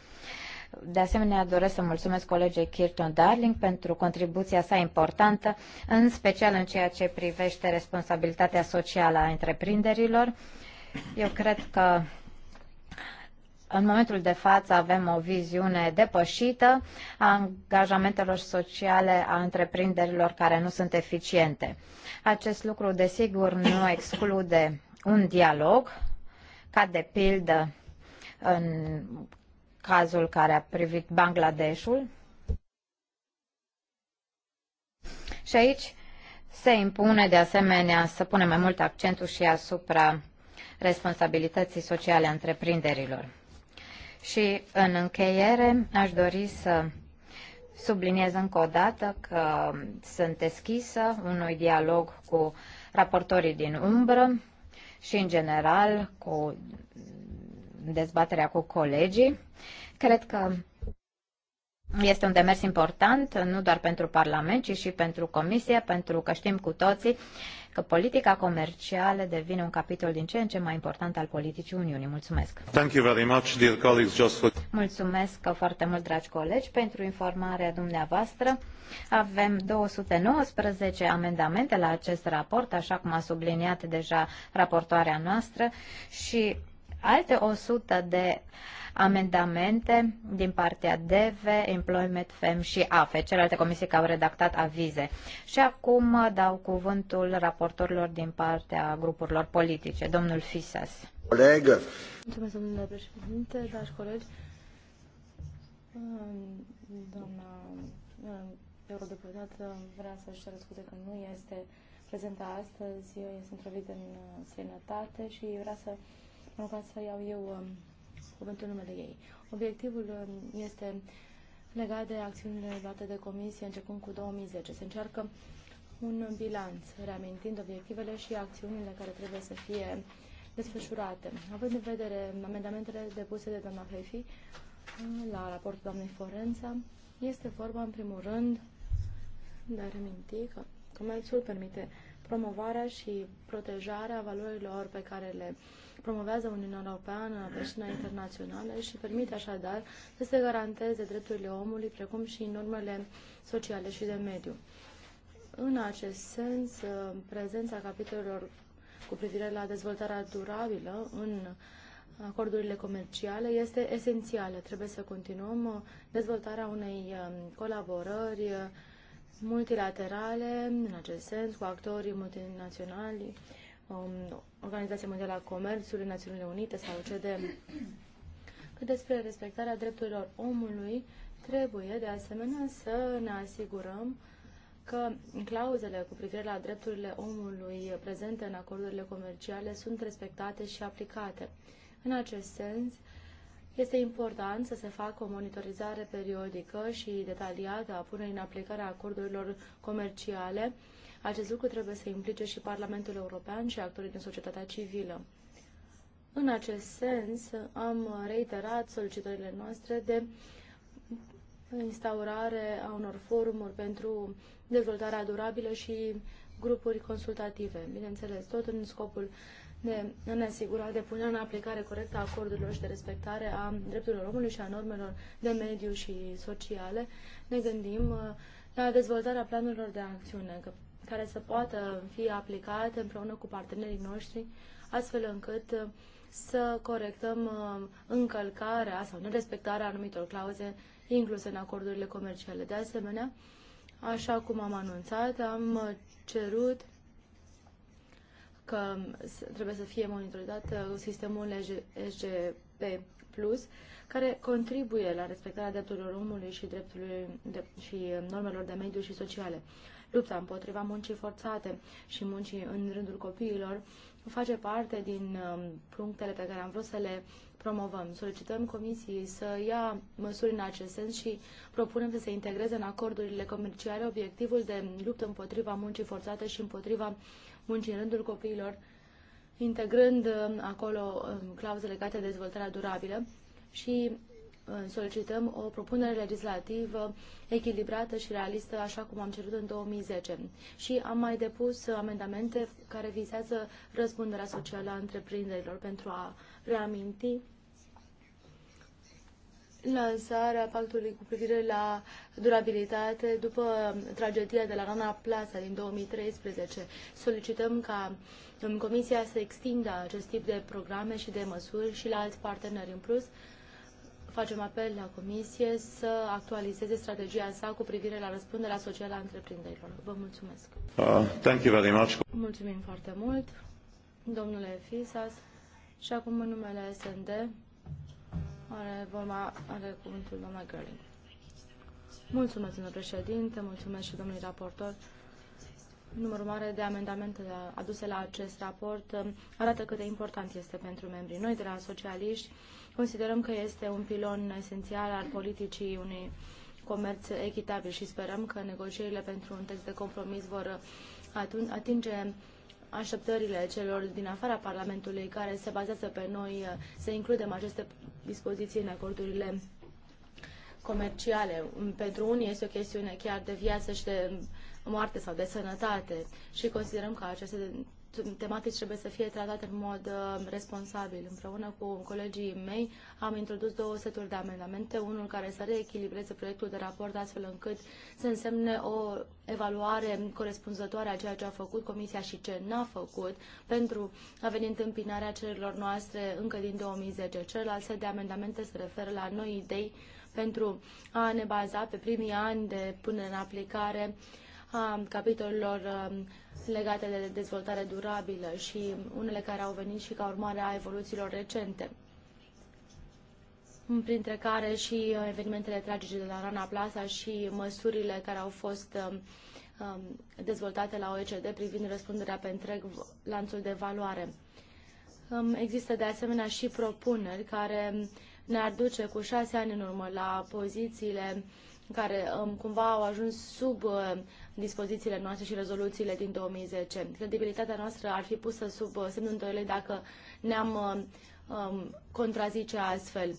De asemenea, doresc să mulțumesc colegei Kirton Darling pentru contribuția sa importantă, în special în ceea ce privește responsabilitatea socială a întreprinderilor. Eu cred că în momentul de față avem o viziune depășită a angajamentelor sociale a întreprinderilor care nu sunt eficiente. Acest lucru, desigur, nu exclude un dialog, ca de pildă în cazul care a privit Bangladeshul. Și aici se impune de asemenea să punem mai mult accentul și asupra responsabilității sociale a întreprinderilor. Și în încheiere aș dori să subliniez încă o dată că sunt deschisă unui dialog cu raportorii din umbră și în general cu dezbaterea cu colegii. Cred că este un demers important, nu doar pentru Parlament, ci și pentru Comisie, pentru că știm cu toții că politica comercială devine un capitol din ce în ce mai important al politicii Uniunii. Mulțumesc! Thank you very much, dear colleagues, just for... Mulțumesc foarte mult, dragi colegi, pentru informarea dumneavoastră. Avem 219 amendamente la acest raport, așa cum a subliniat deja raportoarea noastră și alte 100 de amendamente din partea DV, Employment, FEM și AFE, celelalte comisii care au redactat avize. Și acum dau cuvântul raportorilor din partea grupurilor politice. Domnul Fisas. Colegă. Mulțumesc, domnule președinte, dragi colegi. Doamna eurodeputată vrea să-și cere că nu este prezentă astăzi, Sunt într-o în străinătate și vrea să mă rog, să iau eu um, cuvântul numele ei. Obiectivul um, este legat de acțiunile luate de comisie începând cu 2010. Se încearcă un bilanț, reamintind obiectivele și acțiunile care trebuie să fie desfășurate. Având în vedere amendamentele depuse de doamna Hefi uh, la raportul doamnei Forența, este vorba, în primul rând, de a reminti că comerțul permite promovarea și protejarea valorilor pe care le promovează Uniunea Europeană pe scena internațională și permite așadar să se garanteze drepturile omului, precum și normele sociale și de mediu. În acest sens, uh, prezența capitolelor cu privire la dezvoltarea durabilă în acordurile comerciale este esențială. Trebuie să continuăm uh, dezvoltarea unei um, colaborări uh, multilaterale, în acest sens, cu actorii multinaționali um, Organizația Mondială a Comerțului, Națiunile Unite sau OCDE. Cât despre respectarea drepturilor omului, trebuie de asemenea să ne asigurăm că clauzele cu privire la drepturile omului prezente în acordurile comerciale sunt respectate și aplicate. În acest sens, este important să se facă o monitorizare periodică și detaliată a punerii în aplicare a acordurilor comerciale acest lucru trebuie să implice și Parlamentul European și actorii din societatea civilă. În acest sens, am reiterat solicitările noastre de instaurare a unor forumuri pentru dezvoltarea durabilă și grupuri consultative, bineînțeles, tot în scopul de a ne asigura de punerea în aplicare corectă a acordurilor și de respectare a drepturilor omului și a normelor de mediu și sociale, ne gândim uh, la dezvoltarea planurilor de acțiune, că care să poată fi aplicate împreună cu partenerii noștri, astfel încât uh, să corectăm uh, încălcarea sau nerespectarea anumitor clauze incluse în acordurile comerciale. De asemenea, așa cum am anunțat, am uh, cerut că trebuie să fie monitorizat sistemul SGP+, care contribuie la respectarea drepturilor omului și, drepturilor și normelor de mediu și sociale lupta împotriva muncii forțate și muncii în rândul copiilor face parte din um, punctele pe care am vrut să le promovăm. Solicităm comisiei să ia măsuri în acest sens și propunem să se integreze în acordurile comerciale obiectivul de luptă împotriva muncii forțate și împotriva muncii în rândul copiilor, integrând um, acolo um, clauze legate de dezvoltarea durabilă și solicităm o propunere legislativă echilibrată și realistă, așa cum am cerut în 2010. Și am mai depus amendamente care vizează răspunderea socială a întreprinderilor pentru a reaminti lansarea pactului cu privire la durabilitate după tragedia de la Rana Plaza din 2013. Solicităm ca um, Comisia să extindă acest tip de programe și de măsuri și la alți parteneri în plus, facem apel la Comisie să actualizeze strategia sa cu privire la răspunderea socială a întreprinderilor. Vă mulțumesc. Uh, thank you very much. Mulțumim foarte mult, domnule Fisas. Și acum în numele SND are, vorba, are cuvântul doamna Gerling. Mulțumesc, domnule președinte, mulțumesc și domnului raportor numărul mare de amendamente aduse la acest raport um, arată cât de important este pentru membrii. Noi de la socialiști considerăm că este un pilon esențial al politicii unui comerț echitabil și sperăm că negocierile pentru un text de compromis vor uh, atinge așteptările celor din afara Parlamentului care se bazează pe noi uh, să includem aceste dispoziții în acordurile comerciale. Pentru unii este o chestiune chiar de viață și de moarte sau de sănătate și considerăm că aceste tematici trebuie să fie tratate în mod uh, responsabil. Împreună cu colegii mei am introdus două seturi de amendamente, unul care să reechilibreze proiectul de raport astfel încât să însemne o evaluare corespunzătoare a ceea ce a făcut Comisia și ce n-a făcut pentru a veni întâmpinarea cererilor noastre încă din 2010. Celălalt set de amendamente se referă la noi idei pentru a ne baza pe primii ani de punere în aplicare uh, a capitolelor um, legate de dezvoltare durabilă și unele care au venit și ca urmare a evoluțiilor recente printre care și uh, evenimentele tragice de la Rana Plaza și măsurile care au fost um, um, dezvoltate la OECD privind răspunderea pe întreg lanțul de valoare. Există de asemenea și propuneri care ne-ar duce cu șase ani în urmă la pozițiile care cumva au ajuns sub uh, dispozițiile noastre și rezoluțiile din 2010. Credibilitatea noastră ar fi pusă sub uh, semnul întoarele dacă ne-am uh, um, contrazice astfel.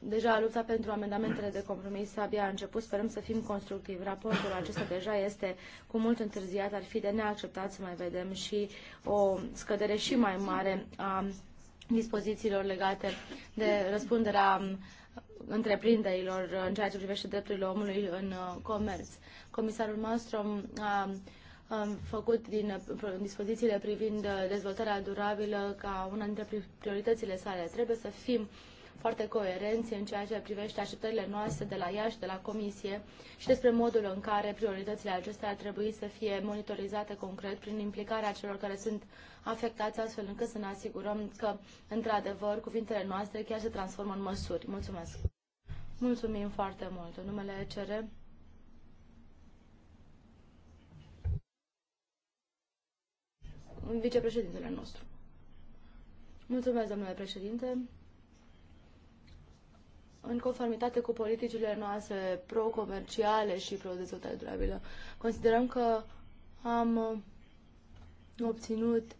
Deja lupta pentru amendamentele de compromis abia a început, sperăm să fim constructivi. Raportul acesta deja este cu mult întârziat, ar fi de neacceptat să mai vedem și o scădere și mai mare a dispozițiilor legate de răspunderea um, întreprinderilor în ceea ce privește drepturile omului în uh, comerț. Comisarul Malmström a, a făcut din dispozițiile privind dezvoltarea durabilă ca una dintre prioritățile sale. Trebuie să fim foarte coerenți în ceea ce privește așteptările noastre de la ea și de la Comisie și despre modul în care prioritățile acestea ar trebui să fie monitorizate concret prin implicarea celor care sunt afectați, astfel încât să ne asigurăm că, într-adevăr, cuvintele noastre chiar se transformă în măsuri. Mulțumesc! Mulțumim foarte mult! În numele CR vicepreședintele nostru. Mulțumesc, domnule președinte. În conformitate cu politicile noastre pro-comerciale și pro-dezvoltare durabilă, considerăm că am obținut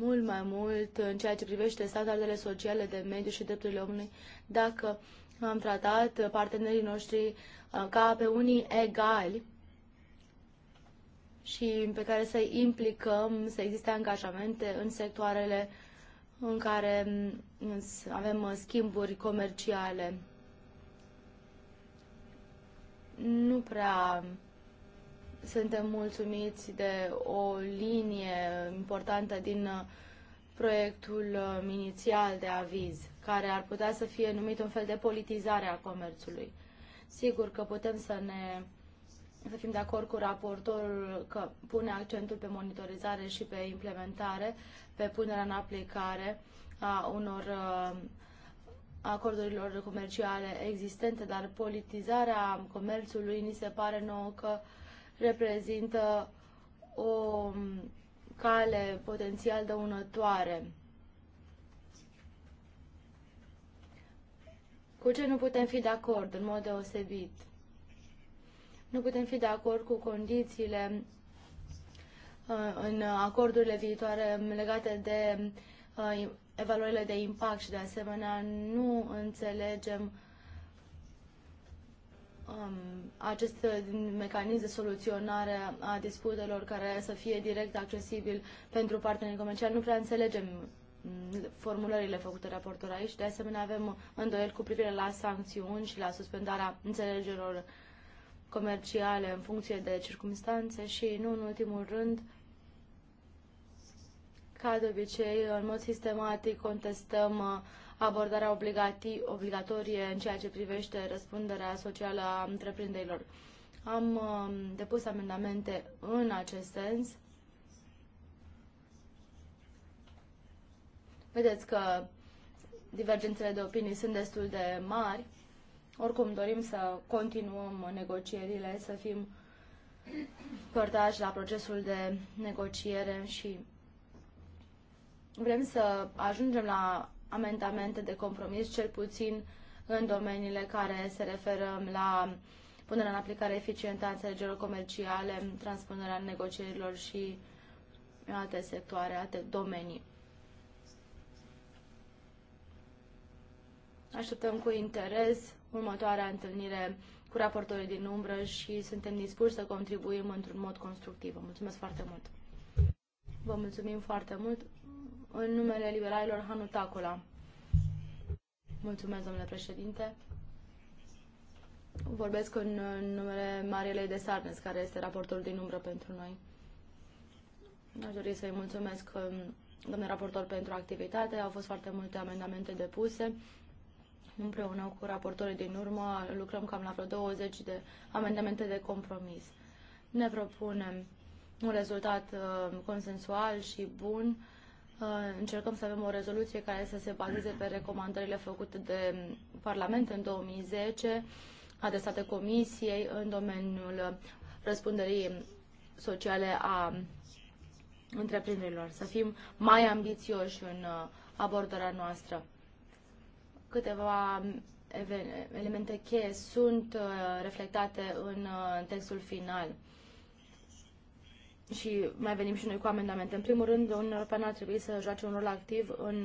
mult mai mult în ceea ce privește standardele sociale de mediu și drepturile omului dacă am tratat partenerii noștri uh, ca pe unii egali și pe care să implicăm, să existe angajamente în sectoarele în care mm, avem uh, schimburi comerciale. Nu prea suntem mulțumiți de o linie importantă din uh, proiectul uh, inițial de aviz, care ar putea să fie numit un fel de politizare a comerțului. Sigur că putem să ne să fim de acord cu raportorul că pune accentul pe monitorizare și pe implementare, pe punerea în aplicare a unor uh, acordurilor comerciale existente, dar politizarea comerțului ni se pare nouă că reprezintă o um, cale potențial dăunătoare. Cu ce nu putem fi de acord în mod deosebit? Nu putem fi de acord cu condițiile uh, în acordurile viitoare legate de uh, evaluările de impact și de asemenea nu înțelegem um, acest mecanism de soluționare a disputelor care să fie direct accesibil pentru partenerii comerciali. Nu prea înțelegem mm, formulările făcute raportul aici. De asemenea, avem îndoieli cu privire la sancțiuni și la suspendarea înțelegerilor comerciale în funcție de circumstanțe și, nu în ultimul rând, ca de obicei, în mod sistematic contestăm uh, abordarea obligatorie în ceea ce privește răspunderea socială a întreprinderilor. Am uh, depus amendamente în acest sens. Vedeți că divergențele de opinii sunt destul de mari, oricum dorim să continuăm negocierile, să fim părtași la procesul de negociere și vrem să ajungem la amendamente de compromis, cel puțin în domeniile care se referă la punerea în aplicare eficientă a înțelegerilor comerciale, transpunerea negocierilor și alte sectoare, alte domenii. Așteptăm cu interes următoarea întâlnire cu raportorii din umbră și suntem dispuși să contribuim într-un mod constructiv. Vă mulțumesc foarte mult! Vă mulțumim foarte mult în numele liberalilor Hanutacula. Mulțumesc, domnule președinte. Vorbesc în numele Marielei de Sarnes, care este raportorul din umbră pentru noi. Aș dori să-i mulțumesc, um, domnule raportor, pentru activitate. Au fost foarte multe amendamente depuse. Împreună cu raportorii din urmă lucrăm cam la vreo 20 de amendamente de compromis. Ne propunem un rezultat uh, consensual și bun. Uh, încercăm să avem o rezoluție care să se bazeze pe recomandările făcute de Parlament în 2010, adresate Comisiei în domeniul răspunderii sociale a întreprinderilor. Să fim mai ambițioși în uh, abordarea noastră câteva um, elemente cheie sunt uh, reflectate în uh, textul final. Și mai venim și noi cu amendamente. În primul rând, Uniunea Europeană ar trebui să joace un rol activ în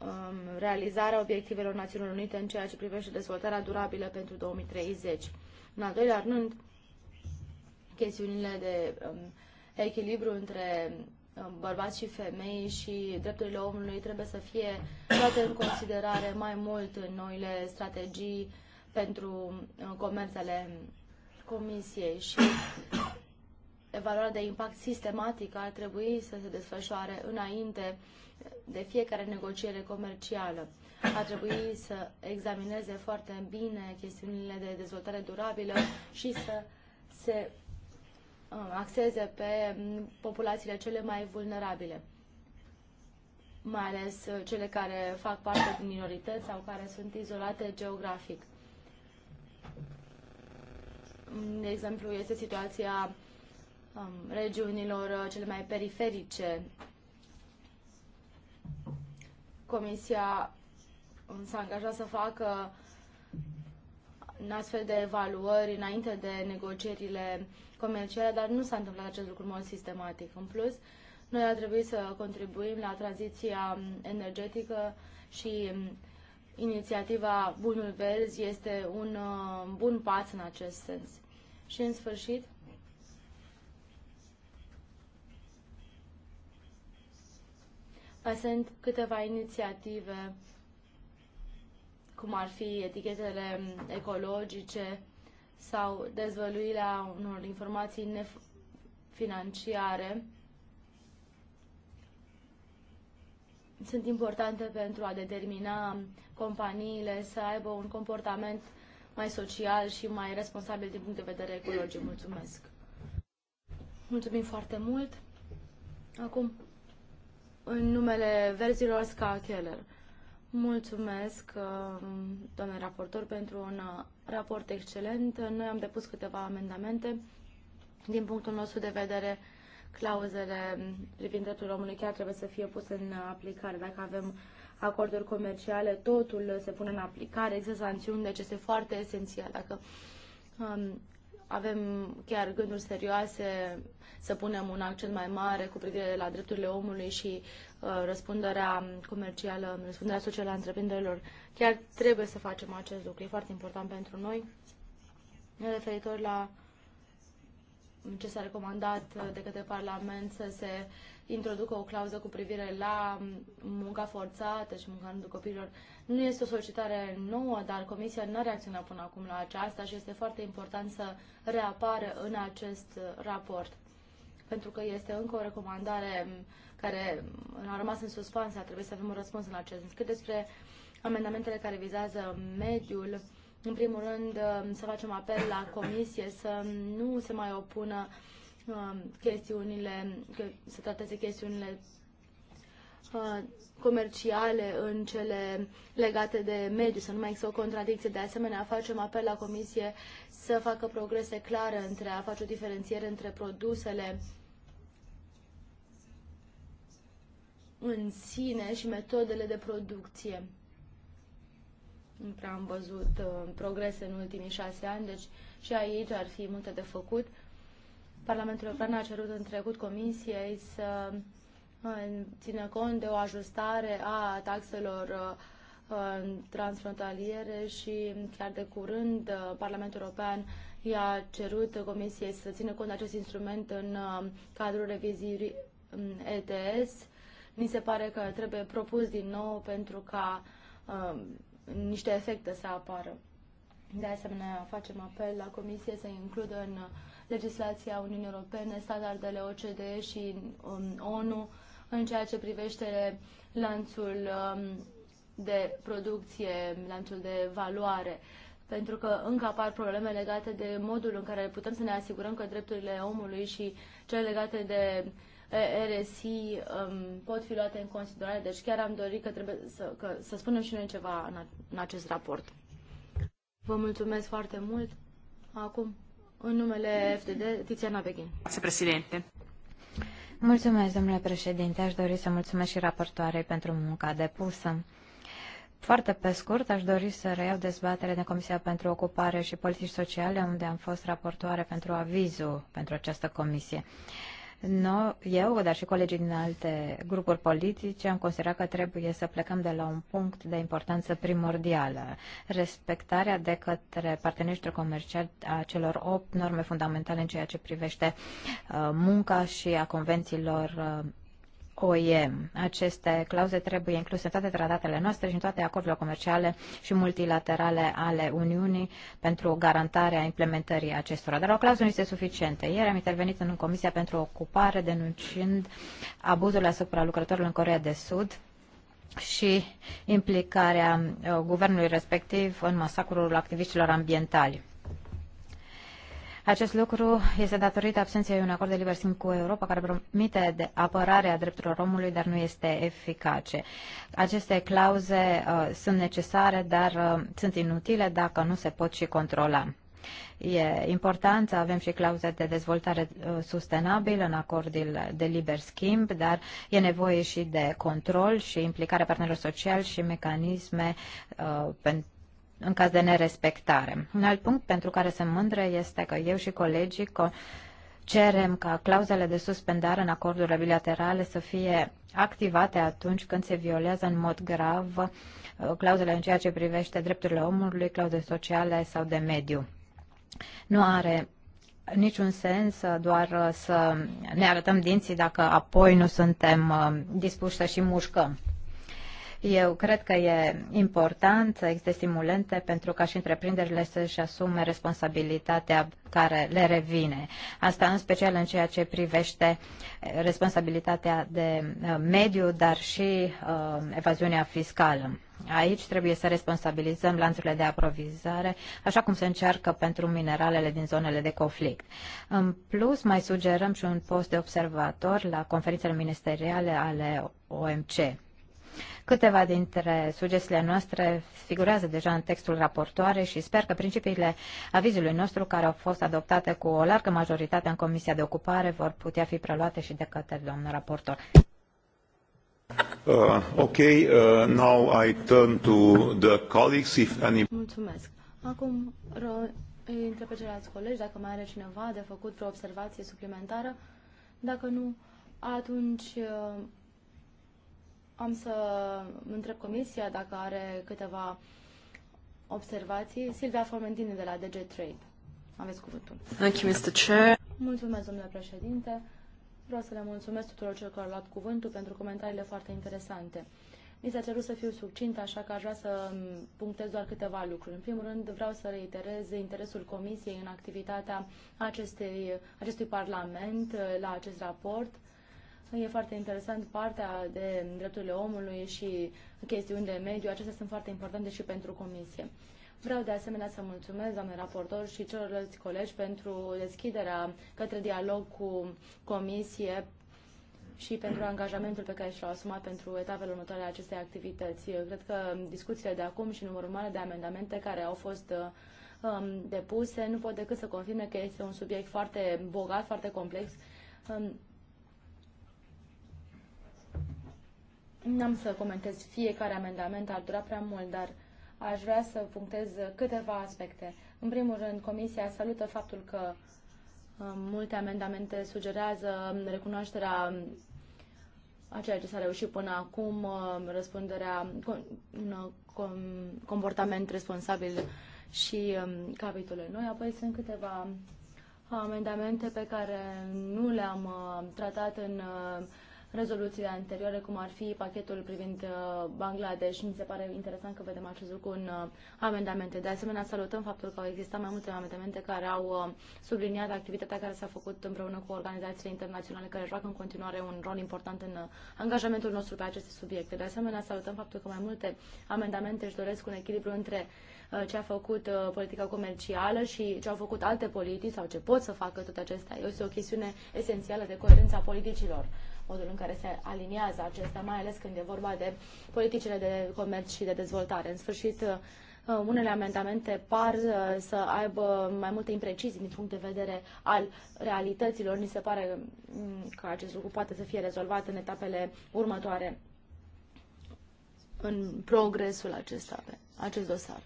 um, realizarea obiectivelor Națiunilor Unite în ceea ce privește dezvoltarea durabilă pentru 2030. În al doilea rând, chestiunile de um, echilibru între Um, bărbați și femei și drepturile omului trebuie să fie luate în considerare mai mult în noile strategii pentru uh, comerțele Comisiei și evaluarea de impact sistematică ar trebui să se desfășoare înainte de fiecare negociere comercială. Ar trebui să examineze foarte bine chestiunile de dezvoltare durabilă și să se Uh, axeze pe mm, populațiile cele mai vulnerabile, mai ales uh, cele care fac parte din minorități sau care sunt izolate geografic. Mm, de exemplu, este situația um, regiunilor uh, cele mai periferice. Comisia um, s-a angajat să facă în astfel de evaluări înainte de negocierile comerciale, dar nu s-a întâmplat acest lucru în mod sistematic. În plus, noi ar trebui să contribuim la tranziția energetică și inițiativa Bunul Verzi este un uh, bun pas în acest sens. Și în sfârșit, sunt câteva inițiative, cum ar fi etichetele ecologice, sau dezvăluirea unor informații financiare sunt importante pentru a determina companiile să aibă un comportament mai social și mai responsabil din punct de vedere ecologic. Mulțumesc! Mulțumim foarte mult! Acum, în numele verzilor Ska Keller. Mulțumesc, uh, doamne raportor, pentru un uh, raport excelent. Noi am depus câteva amendamente. Din punctul nostru de vedere, clauzele privind dreptul omului chiar trebuie să fie puse în aplicare. Dacă avem acorduri comerciale, totul se pune în aplicare, există sancțiuni, deci este foarte esențial. Dacă um, avem chiar gânduri serioase să punem un accent mai mare cu privire la drepturile omului și uh, răspunderea comercială, răspunderea socială a întreprinderilor. Chiar trebuie să facem acest lucru, e foarte important pentru noi. Referitor la ce s-a recomandat de către Parlament să se introducă o clauză cu privire la munca forțată și munca în rândul copiilor, uh, nu este o solicitare nouă, dar Comisia nu a reacționat până acum la aceasta și este foarte important să reapară în acest raport, pentru că este încă o recomandare care a rămas în suspans, Trebuie să avem un răspuns în acest sens. Cât despre amendamentele care vizează mediul, în primul rând um, să facem apel la Comisie să nu se mai opună um, chestiunile, să trateze chestiunile Uh, comerciale în cele legate de mediu, să nu mai există o contradicție. De asemenea, facem apel la Comisie să facă progrese clare între a face o diferențiere între produsele în sine și metodele de producție. Nu prea am văzut uh, progrese în ultimii șase ani, deci și aici ar fi multe de făcut. Parlamentul European a cerut în trecut Comisiei să ține cont de o ajustare a taxelor uh, transfrontaliere și chiar de curând uh, Parlamentul European i-a cerut Comisiei să țină cont de acest instrument în uh, cadrul revizirii um, ETS. Ni se pare că trebuie propus din nou pentru ca um, niște efecte să apară. De asemenea, facem apel la Comisie să includă în legislația Uniunii Europene standardele OCDE și um, ONU în ceea ce privește lanțul um, de producție, lanțul de valoare, pentru că încă apar probleme legate de modul în care putem să ne asigurăm că drepturile omului și cele legate de RSI um, pot fi luate în considerare. Deci chiar am dorit că trebuie să, că, să spunem și noi ceva în, în acest raport. Vă mulțumesc foarte mult. Acum, în numele FDD, Tiziana Beghin. Mulțumesc, președinte. Mulțumesc, domnule președinte. Aș dori să mulțumesc și raportoarei pentru munca depusă. Foarte pe scurt, aș dori să reiau dezbaterea de Comisia pentru Ocupare și Politici Sociale, unde am fost raportoare pentru avizul pentru această comisie. No, eu, dar și colegii din alte grupuri politice, am considerat că trebuie să plecăm de la un punct de importanță primordială, respectarea de către parteneriștri comerciali a celor opt norme fundamentale în ceea ce privește uh, munca și a convențiilor uh, OIM. Aceste clauze trebuie incluse în toate tratatele noastre și în toate acordurile comerciale și multilaterale ale Uniunii pentru garantarea implementării acestora. Dar o clauză nu este suficientă. Ieri am intervenit în Comisia pentru Ocupare denuncind abuzul asupra lucrătorilor în Corea de Sud și implicarea uh, guvernului respectiv în masacrul activiștilor ambientali. Acest lucru este datorită absenței unui acord de liber schimb cu Europa care promite de apărarea drepturilor omului, dar nu este eficace. Aceste clauze uh, sunt necesare, dar uh, sunt inutile dacă nu se pot și controla. E important să avem și clauze de dezvoltare uh, sustenabilă în acordul de liber schimb, dar e nevoie și de control și implicarea partenerilor sociali și mecanisme uh, pentru în caz de nerespectare. Un alt punct pentru care sunt mândră este că eu și colegii cerem ca clauzele de suspendare în acordurile bilaterale să fie activate atunci când se violează în mod grav uh, clauzele în ceea ce privește drepturile omului, clauze sociale sau de mediu. Nu are niciun sens uh, doar uh, să ne arătăm dinții dacă apoi nu suntem dispuși să și mușcăm. Eu cred că e important să existe stimulente pentru ca și întreprinderile să-și asume responsabilitatea care le revine. Asta în special în ceea ce privește eh, responsabilitatea de eh, mediu, dar și uh, evaziunea fiscală. Aici trebuie să responsabilizăm lanțurile de aprovizare, așa cum se încearcă pentru mineralele din zonele de conflict. În plus, mai sugerăm și un post de observator la conferințele ministeriale ale OMC. Câteva dintre sugestiile noastre figurează deja în textul raportoare și sper că principiile avizului nostru, care au fost adoptate cu o largă majoritate în Comisia de Ocupare, vor putea fi preluate și de către domnul raportor. Uh, ok, uh, now I turn to the colleagues if any... Mulțumesc. Acum îi întreb pe ceilalți colegi dacă mai are cineva de făcut vreo observație suplimentară. Dacă nu, atunci uh, am să întreb comisia dacă are câteva observații. Silvia Fomentini de la DG Trade. Aveți cuvântul. Thank you, Mr. Chair. Mulțumesc, domnule președinte. Vreau să le mulțumesc tuturor celor care au luat cuvântul pentru comentariile foarte interesante. Mi s-a cerut să fiu succint, așa că aș vrea să punctez doar câteva lucruri. În primul rând, vreau să reiterez interesul Comisiei în activitatea acestei, acestui Parlament la acest raport. E foarte interesant partea de drepturile omului și chestiuni de mediu. Acestea sunt foarte importante și pentru Comisie. Vreau de asemenea să mulțumesc, doamne raportor, și celorlalți colegi pentru deschiderea către dialog cu Comisie și pentru angajamentul pe care și l-au asumat pentru etapele următoare ale acestei activități. Eu cred că discuțiile de acum și numărul mare de amendamente care au fost um, depuse nu pot decât să confirme că este un subiect foarte bogat, foarte complex um, N-am să comentez fiecare amendament, ar dura prea mult, dar aș vrea să punctez câteva aspecte. În primul rând, Comisia salută faptul că um, multe amendamente sugerează um, recunoașterea um, a ceea ce s-a reușit până acum, răspunderea, un uh, comportament responsabil și capitole noi. Apoi sunt câteva amendamente pe care nu le-am uh, tratat în uh, rezoluțiile anterioare, cum ar fi pachetul privind uh, Bangladesh. Mi se pare interesant că vedem acest lucru în uh, amendamente. De asemenea, salutăm faptul că au existat mai multe amendamente care au uh, subliniat activitatea care s-a făcut împreună cu organizațiile internaționale care joacă în continuare un rol important în angajamentul nostru pe aceste subiecte. De asemenea, salutăm faptul că mai multe amendamente își doresc un echilibru între ce a făcut politica comercială și ce au făcut alte politici sau ce pot să facă tot acestea. Este o chestiune esențială de coerența politicilor modul în care se aliniază acesta, mai ales când e vorba de politicile de comerț și de dezvoltare. În sfârșit, uh, unele amendamente par uh, să aibă mai multe imprecizii din punct de vedere al realităților. Ni se pare mm, că acest lucru poate să fie rezolvat în etapele următoare în progresul acesta pe acest dosar.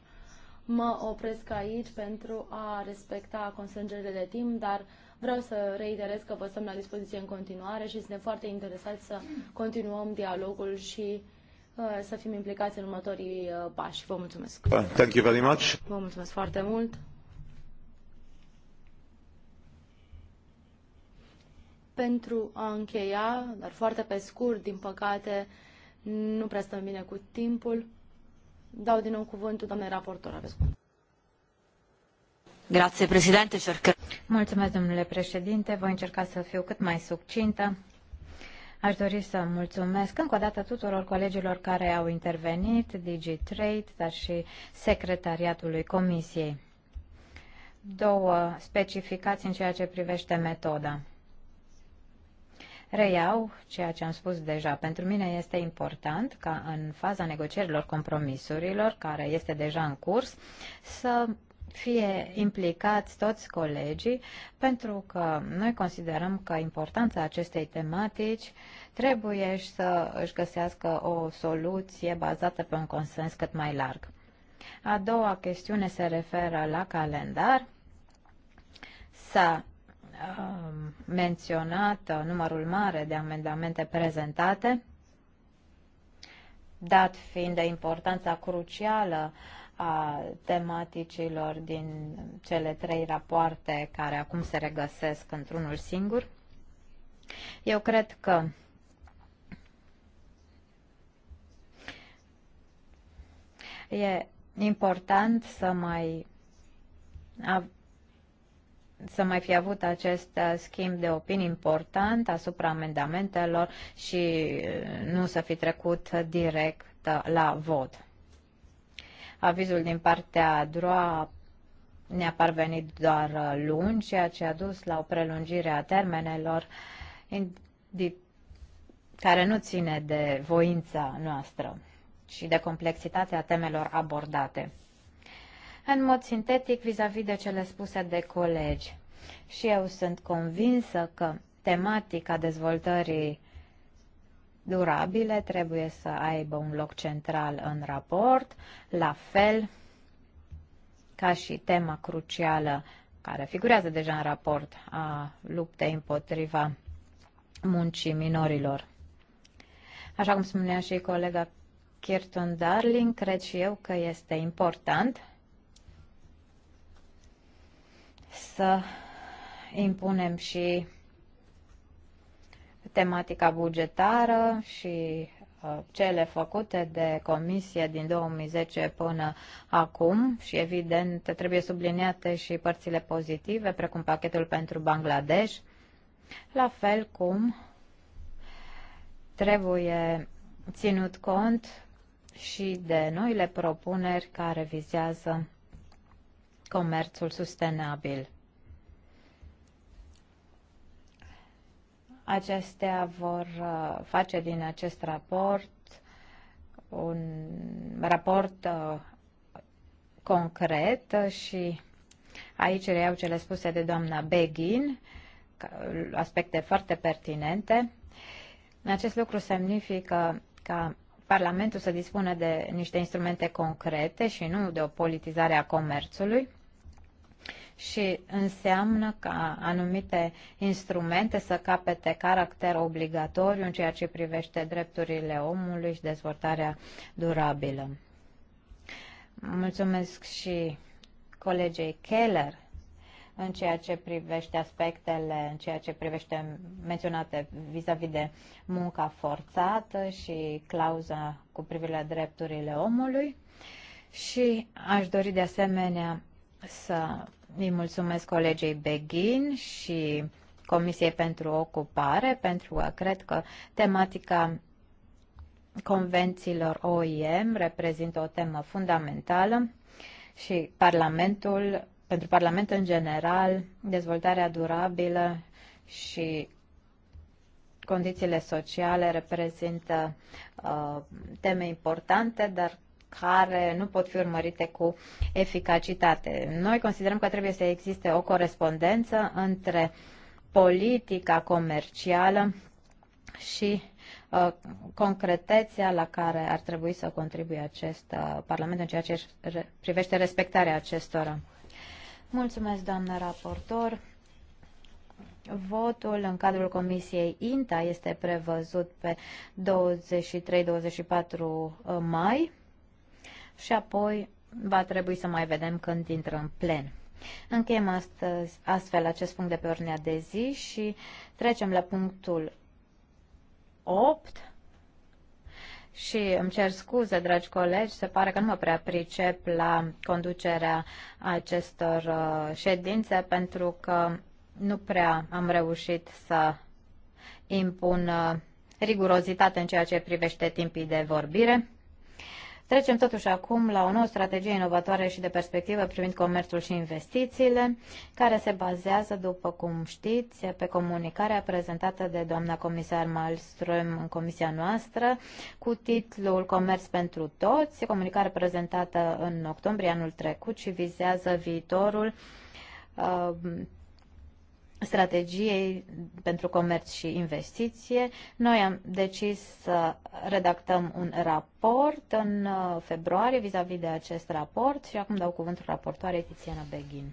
Mă opresc aici pentru a respecta consângerile de timp, dar uh, Vreau să reiterez că vă stăm la dispoziție în continuare și suntem foarte interesați să continuăm dialogul și uh, să fim implicați în următorii uh, pași. Vă mulțumesc. Thank you very much. Vă mulțumesc foarte mult. Pentru a încheia, dar foarte pe scurt, din păcate, nu prea stăm bine cu timpul, dau din nou cuvântul doamnei raportor. Aveți cuvânt. Mulțumesc, domnule președinte. Voi încerca să fiu cât mai succintă. Aș dori să mulțumesc încă o dată tuturor colegilor care au intervenit, DigiTrade, dar și secretariatului Comisiei. Două specificații în ceea ce privește metoda. Reiau ceea ce am spus deja. Pentru mine este important ca în faza negocierilor compromisurilor, care este deja în curs, să fie implicați toți colegii, pentru că noi considerăm că importanța acestei tematici trebuie să își găsească o soluție bazată pe un consens cât mai larg. A doua chestiune se referă la calendar. S-a um, uh, menționat numărul mare de amendamente prezentate, dat fiind de importanța crucială uh, a tematicilor din cele trei rapoarte care acum se regăsesc într-unul singur. Eu cred că e important să mai să mai fi avut acest schimb de opinii important asupra amendamentelor și nu să fi trecut direct la vot. Avizul din partea DROA ne-a parvenit doar uh, luni, ceea ce a dus la o prelungire a termenelor care nu ține de voința noastră și de complexitatea temelor abordate. În mod sintetic, vis-a-vis -vis de cele spuse de colegi, și eu sunt convinsă că tematica dezvoltării durabile trebuie să aibă un loc central în raport, la fel ca și tema crucială care figurează deja în raport a luptei împotriva muncii minorilor. Așa cum spunea și colega Kirton Darling, cred și eu că este important să impunem și tematica bugetară și uh, cele făcute de comisie din 2010 până acum și evident trebuie subliniate și părțile pozitive, precum pachetul pentru Bangladesh, la fel cum trebuie ținut cont și de noile propuneri care vizează comerțul sustenabil. Acestea vor uh, face din acest raport un raport uh, concret și aici reiau cele spuse de doamna Begin, aspecte foarte pertinente. Acest lucru semnifică ca Parlamentul să dispună de niște instrumente concrete și nu de o politizare a comerțului și înseamnă ca anumite instrumente să capete caracter obligatoriu în ceea ce privește drepturile omului și dezvoltarea durabilă. Mulțumesc și colegei Keller în ceea ce privește aspectele, în ceea ce privește menționate vis-a-vis -vis de munca forțată și clauza cu privire la drepturile omului. Și aș dori de asemenea să îi mulțumesc colegei Beghin și Comisiei pentru Ocupare, pentru că cred că tematica convențiilor OIM reprezintă o temă fundamentală și Parlamentul, pentru Parlament în general, dezvoltarea durabilă și condițiile sociale reprezintă uh, teme importante, dar care nu pot fi urmărite cu eficacitate. Noi considerăm că trebuie să existe o corespondență între politica comercială și uh, concretețea la care ar trebui să contribuie acest uh, Parlament în ceea ce privește respectarea acestora. Mulțumesc, doamnă raportor. Votul în cadrul Comisiei INTA este prevăzut pe 23-24 uh, mai și apoi va trebui să mai vedem când intră în plen. Încheiem astăzi, astfel acest punct de pe ordinea de zi și trecem la punctul 8. Și îmi cer scuze, dragi colegi, se pare că nu mă prea pricep la conducerea acestor uh, ședințe pentru că nu prea am reușit să impun uh, rigurozitate în ceea ce privește timpii de vorbire. Trecem totuși acum la o nouă strategie inovatoare și de perspectivă privind comerțul și investițiile, care se bazează, după cum știți, pe comunicarea prezentată de doamna comisar Malström în comisia noastră cu titlul Comerț pentru toți, comunicare prezentată în octombrie anul trecut și vizează viitorul uh, strategiei pentru comerț și investiție. Noi am decis să redactăm un raport în uh, februarie vis-a-vis -vis de acest raport și acum dau cuvântul raportoarei Tiziana Beghin.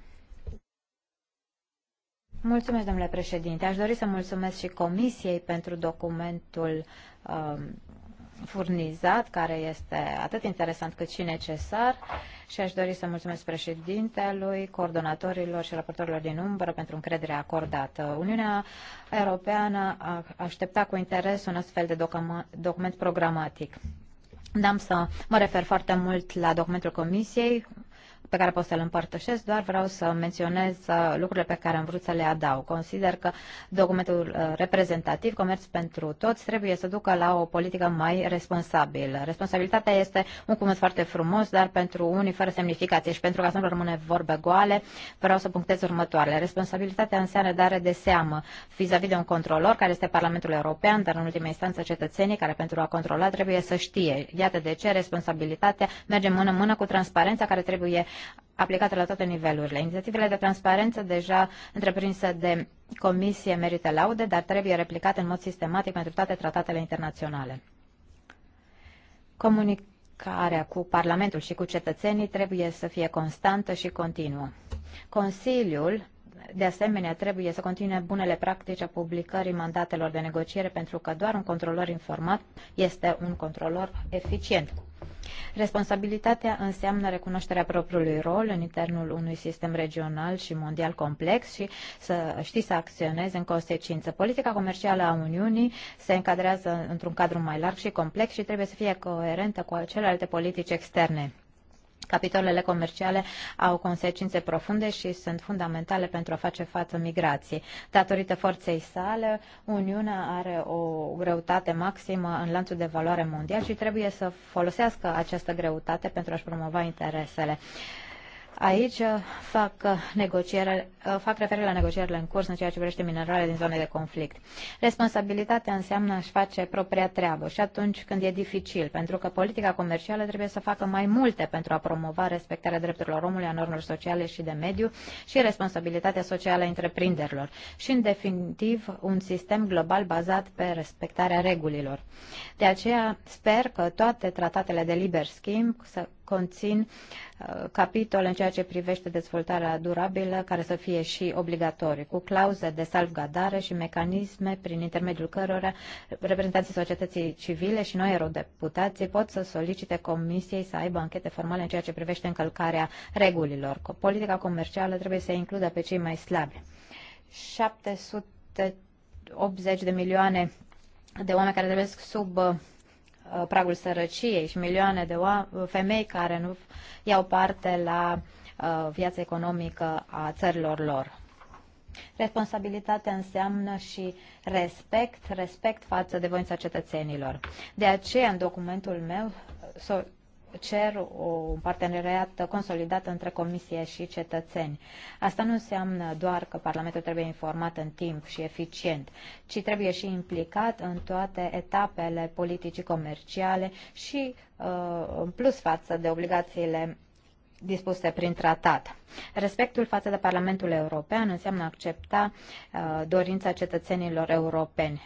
Mulțumesc, domnule președinte. Aș dori să mulțumesc și Comisiei pentru documentul um, furnizat, care este atât interesant cât și necesar și aș dori să mulțumesc președintelui, coordonatorilor și raportorilor din umbră pentru încrederea acordată. Uniunea Europeană a aștepta cu interes un astfel de document programatic. N-am să mă refer foarte mult la documentul Comisiei, pe care pot să-l împărtășesc, doar vreau să menționez uh, lucrurile pe care am vrut să le adaug. Consider că documentul uh, reprezentativ, Comerț pentru Toți, trebuie să ducă la o politică mai responsabilă. Responsabilitatea este un cuvânt foarte frumos, dar pentru unii fără semnificație și pentru ca să nu rămâne vorbe goale, vreau să punctez următoarele. Responsabilitatea înseamnă dare de seamă vis-a-vis -vis de un controlor, care este Parlamentul European, dar în ultima instanță cetățenii care pentru a controla trebuie să știe. Iată de ce responsabilitatea merge mână-mână cu transparența care trebuie aplicată la toate nivelurile. Inițiativele de transparență deja întreprinse de comisie merită laude, dar trebuie replicate în mod sistematic pentru toate tratatele internaționale. Comunicarea cu Parlamentul și cu cetățenii trebuie să fie constantă și continuă. Consiliul de asemenea, trebuie să continue bunele practici a publicării mandatelor de negociere, pentru că doar un controlor informat este un controlor eficient. Responsabilitatea înseamnă recunoașterea propriului rol în internul unui sistem regional și mondial complex și să știi să acționezi în consecință. Politica comercială a Uniunii se încadrează într-un cadru mai larg și complex și trebuie să fie coerentă cu celelalte politici externe. Capitolele comerciale au consecințe profunde și sunt fundamentale pentru a face față migrației. Datorită forței sale, Uniunea are o greutate maximă în lanțul de valoare mondial și trebuie să folosească această greutate pentru a-și promova interesele. Uh, Aici uh, fac, uh, negociere, uh, fac referire la negocierile în curs în ceea ce privește minerale din zone de conflict. Responsabilitatea înseamnă a-și face propria treabă și atunci când e dificil, pentru că politica comercială trebuie să facă mai multe pentru a promova respectarea drepturilor omului, a normelor sociale și de mediu și responsabilitatea socială a întreprinderilor și, în definitiv, un sistem global bazat pe respectarea regulilor. De aceea sper că toate tratatele de liber schimb să conțin uh, capitole în ceea ce privește dezvoltarea durabilă care să fie și obligatorii, cu clauze de salvgardare și mecanisme prin intermediul cărora reprezentanții societății civile și noi eurodeputații pot să solicite comisiei să aibă anchete formale în ceea ce privește încălcarea regulilor. Politica comercială trebuie să includă pe cei mai slabi. 780 de milioane de oameni care trăiesc sub uh, Uh, pragul sărăciei și milioane de femei care nu iau parte la uh, viața economică a țărilor lor. Responsabilitatea înseamnă și respect, respect față de voința cetățenilor. De aceea, în documentul meu, cer un parteneriat consolidat între Comisie și cetățeni. Asta nu înseamnă doar că Parlamentul trebuie informat în timp și eficient, ci trebuie și implicat în toate etapele politicii comerciale și uh, în plus față de obligațiile dispuse prin tratat. Respectul față de Parlamentul European înseamnă accepta uh, dorința cetățenilor europeni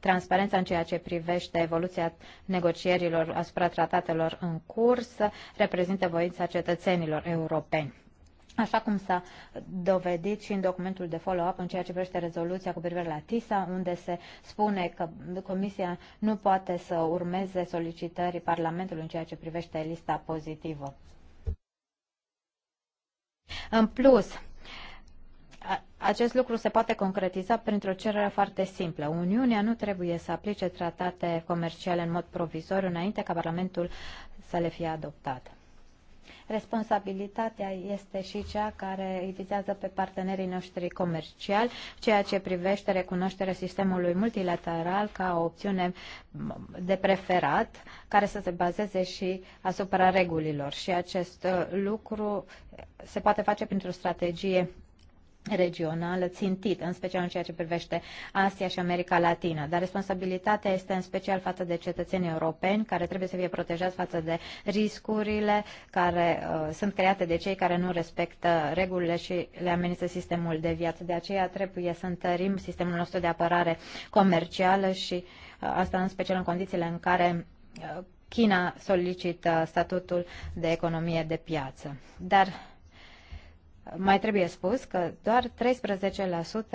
transparența în ceea ce privește evoluția negocierilor asupra tratatelor în curs reprezintă voința cetățenilor europeni. Așa cum s-a dovedit și în documentul de follow-up în ceea ce privește rezoluția cu privire la TISA, unde se spune că Comisia nu poate să urmeze solicitării Parlamentului în ceea ce privește lista pozitivă. În plus, acest lucru se poate concretiza printr-o cerere foarte simplă. Uniunea nu trebuie să aplice tratate comerciale în mod provizoriu înainte ca Parlamentul să le fie adoptat. Responsabilitatea este și cea care îi vizează pe partenerii noștri comerciali, ceea ce privește recunoașterea sistemului multilateral ca o opțiune de preferat, care să se bazeze și asupra regulilor. Și acest lucru se poate face printr-o strategie regională țintită, în special în ceea ce privește Asia și America Latină. Dar responsabilitatea este în special față de cetățenii europeni care trebuie să fie protejați față de riscurile care uh, sunt create de cei care nu respectă regulile și le amenință sistemul de viață. De aceea trebuie să întărim sistemul nostru de apărare comercială și uh, asta în special în condițiile în care uh, China solicită statutul de economie de piață. Dar mai trebuie spus că doar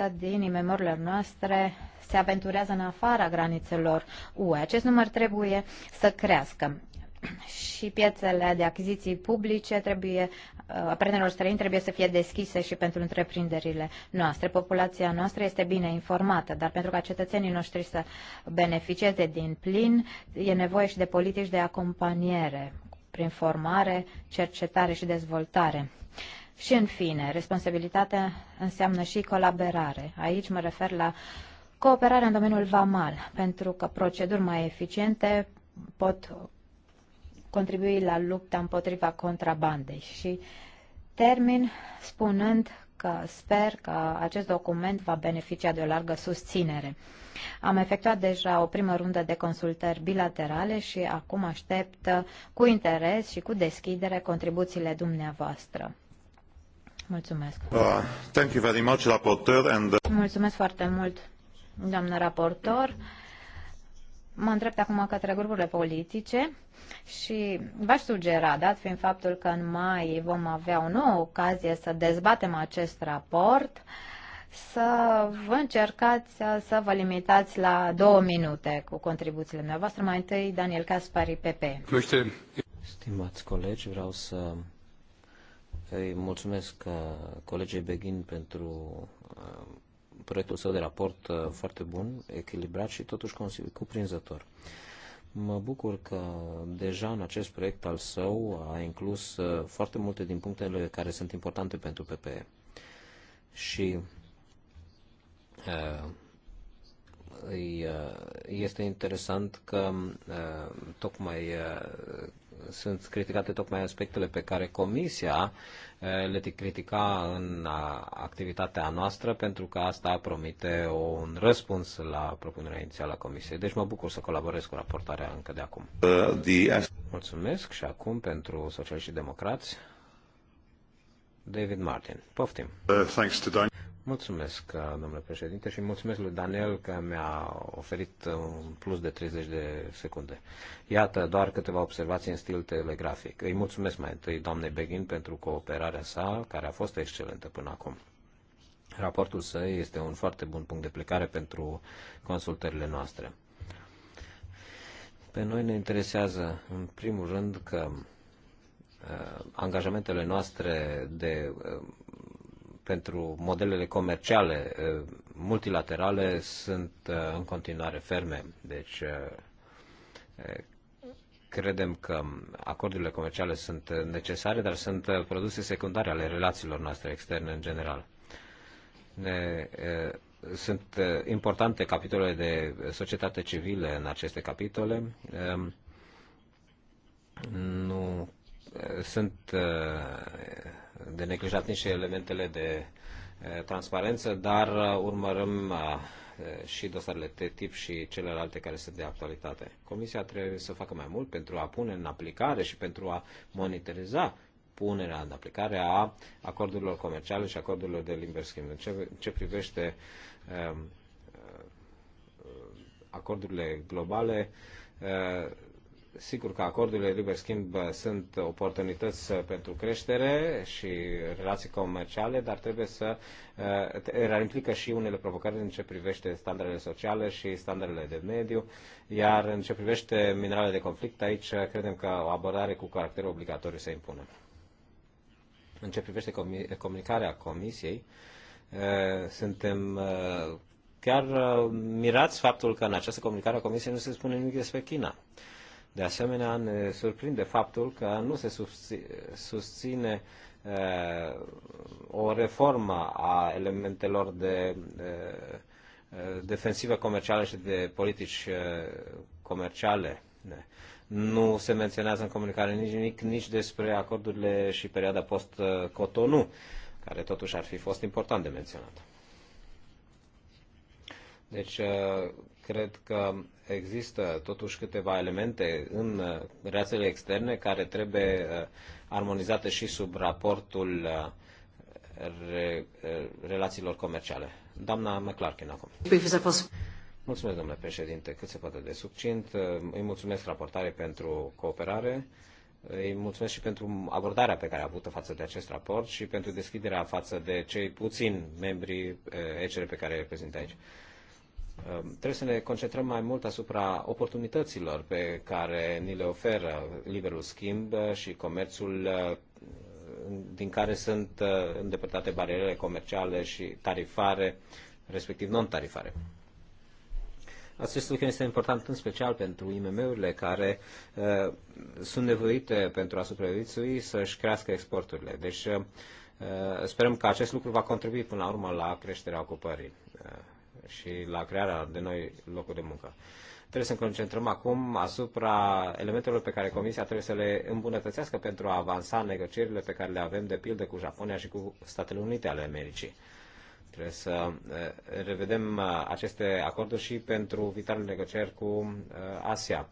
13% din imemorile noastre se aventurează în afara granițelor UE. Acest număr trebuie să crească și piețele de achiziții publice trebuie, aprenelor uh, străini trebuie să fie deschise și pentru întreprinderile noastre. Populația noastră este bine informată, dar pentru ca cetățenii noștri să beneficieze din plin, e nevoie și de politici de acompaniere prin formare, cercetare și dezvoltare. Și în fine, responsabilitatea înseamnă și colaborare. Aici mă refer la cooperarea în domeniul vamal, pentru că proceduri mai eficiente pot contribui la lupta împotriva contrabandei. Și termin spunând că sper că acest document va beneficia de o largă susținere. Am efectuat deja o primă rundă de consultări bilaterale și acum aștept cu interes și cu deschidere contribuțiile dumneavoastră. Mulțumesc. Uh, thank you very much, raportor. And... Uh, Mulțumesc foarte mult, doamnă raportor. Mă întreb acum către grupurile politice și v-aș sugera, dat fiind faptul că în mai vom avea o nouă ocazie să dezbatem acest raport, să vă încercați să vă limitați la două minute cu contribuțiile noastre. Mai întâi, Daniel Caspari, PP. Stimați colegi, vreau să îi mulțumesc uh, colegei Beghin pentru uh, proiectul său de raport uh, foarte bun, echilibrat și totuși cuprinzător. Mă bucur că deja în acest proiect al său a inclus foarte multe din punctele care sunt importante pentru PPE. Și este interesant că tocmai sunt criticate tocmai aspectele pe care Comisia eh, le critica în activitatea noastră, pentru că asta promite un răspuns la propunerea inițială a Comisiei. Deci mă bucur să colaborez cu raportarea încă de acum. Uh, Mulțumesc și acum pentru Socialiști și Democrați. David Martin. Poftim. Uh, Mulțumesc, uh, domnule președinte, și mulțumesc lui Daniel că mi-a oferit un plus de 30 de secunde. Iată doar câteva observații în stil telegrafic. Îi mulțumesc mai întâi doamnei Beghin pentru cooperarea sa, care a fost excelentă până acum. Raportul său este un foarte bun punct de plecare pentru consultările noastre. Pe noi ne interesează, în primul rând, că uh, angajamentele noastre de uh, pentru modelele comerciale eh, multilaterale sunt eh, în continuare ferme. Deci eh, credem că acordurile comerciale sunt necesare, dar sunt produse secundare ale relațiilor noastre externe în general. Ne, sunt importante capitole de societate civilă în aceste capitole. Ehm, nu sunt de neglijat nici elementele de transparență, dar urmărim și dosarele TTIP și celelalte care sunt de actualitate. Comisia trebuie să facă mai mult pentru a pune în aplicare și pentru a monitoriza punerea în aplicare a acordurilor comerciale și acordurilor de liber schimb. În ce, ce privește acordurile globale, Sigur că acordurile de liber schimb uh, sunt oportunități uh, pentru creștere și relații comerciale, dar trebuie să uh, implică și unele provocări în ce privește standardele sociale și standardele de mediu, iar în ce privește mineralele de conflict, aici uh, credem că o abordare cu caracter obligatoriu se impune. În ce privește comi comunicarea Comisiei, uh, suntem uh, chiar mirați faptul că în această comunicare a Comisiei nu se spune nimic despre China. De asemenea, ne surprinde faptul că nu se susține uh, o reformă a elementelor de uh, defensivă comercială și de politici uh, comerciale. Nu se menționează în comunicare nici nimic nici despre acordurile și perioada post cotonu care totuși ar fi fost important de menționat. Deci, cred că există totuși câteva elemente în uh, relațiile externe care trebuie uh, armonizate și sub raportul uh, relațiilor comerciale. Doamna McClarkin acum. Mulțumesc, domnule președinte, cât se poate de succint. Îi mulțumesc raportare pentru cooperare. Îi mulțumesc și pentru abordarea pe care a avut-o față de acest raport și pentru deschiderea față de cei puțini membri ECR pe care îi reprezintă aici. Um, trebuie să ne concentrăm mai mult asupra oportunităților pe care ni le oferă liberul schimb și comerțul uh, din care sunt uh, îndepărtate barierele comerciale și tarifare, respectiv non-tarifare. Acest lucru este important în special pentru IMM-urile care uh, sunt nevoite pentru a supraviețui să-și crească exporturile. Deci uh, sperăm că acest lucru va contribui până la urmă la creșterea ocupării. Uh, și la crearea de noi locuri de muncă. Trebuie să ne concentrăm acum asupra elementelor pe care Comisia trebuie să le îmbunătățească pentru a avansa negocierile pe care le avem, de pildă, cu Japonia și cu Statele Unite ale Americii. Trebuie să revedem aceste acorduri și pentru vitalele negocieri cu Asia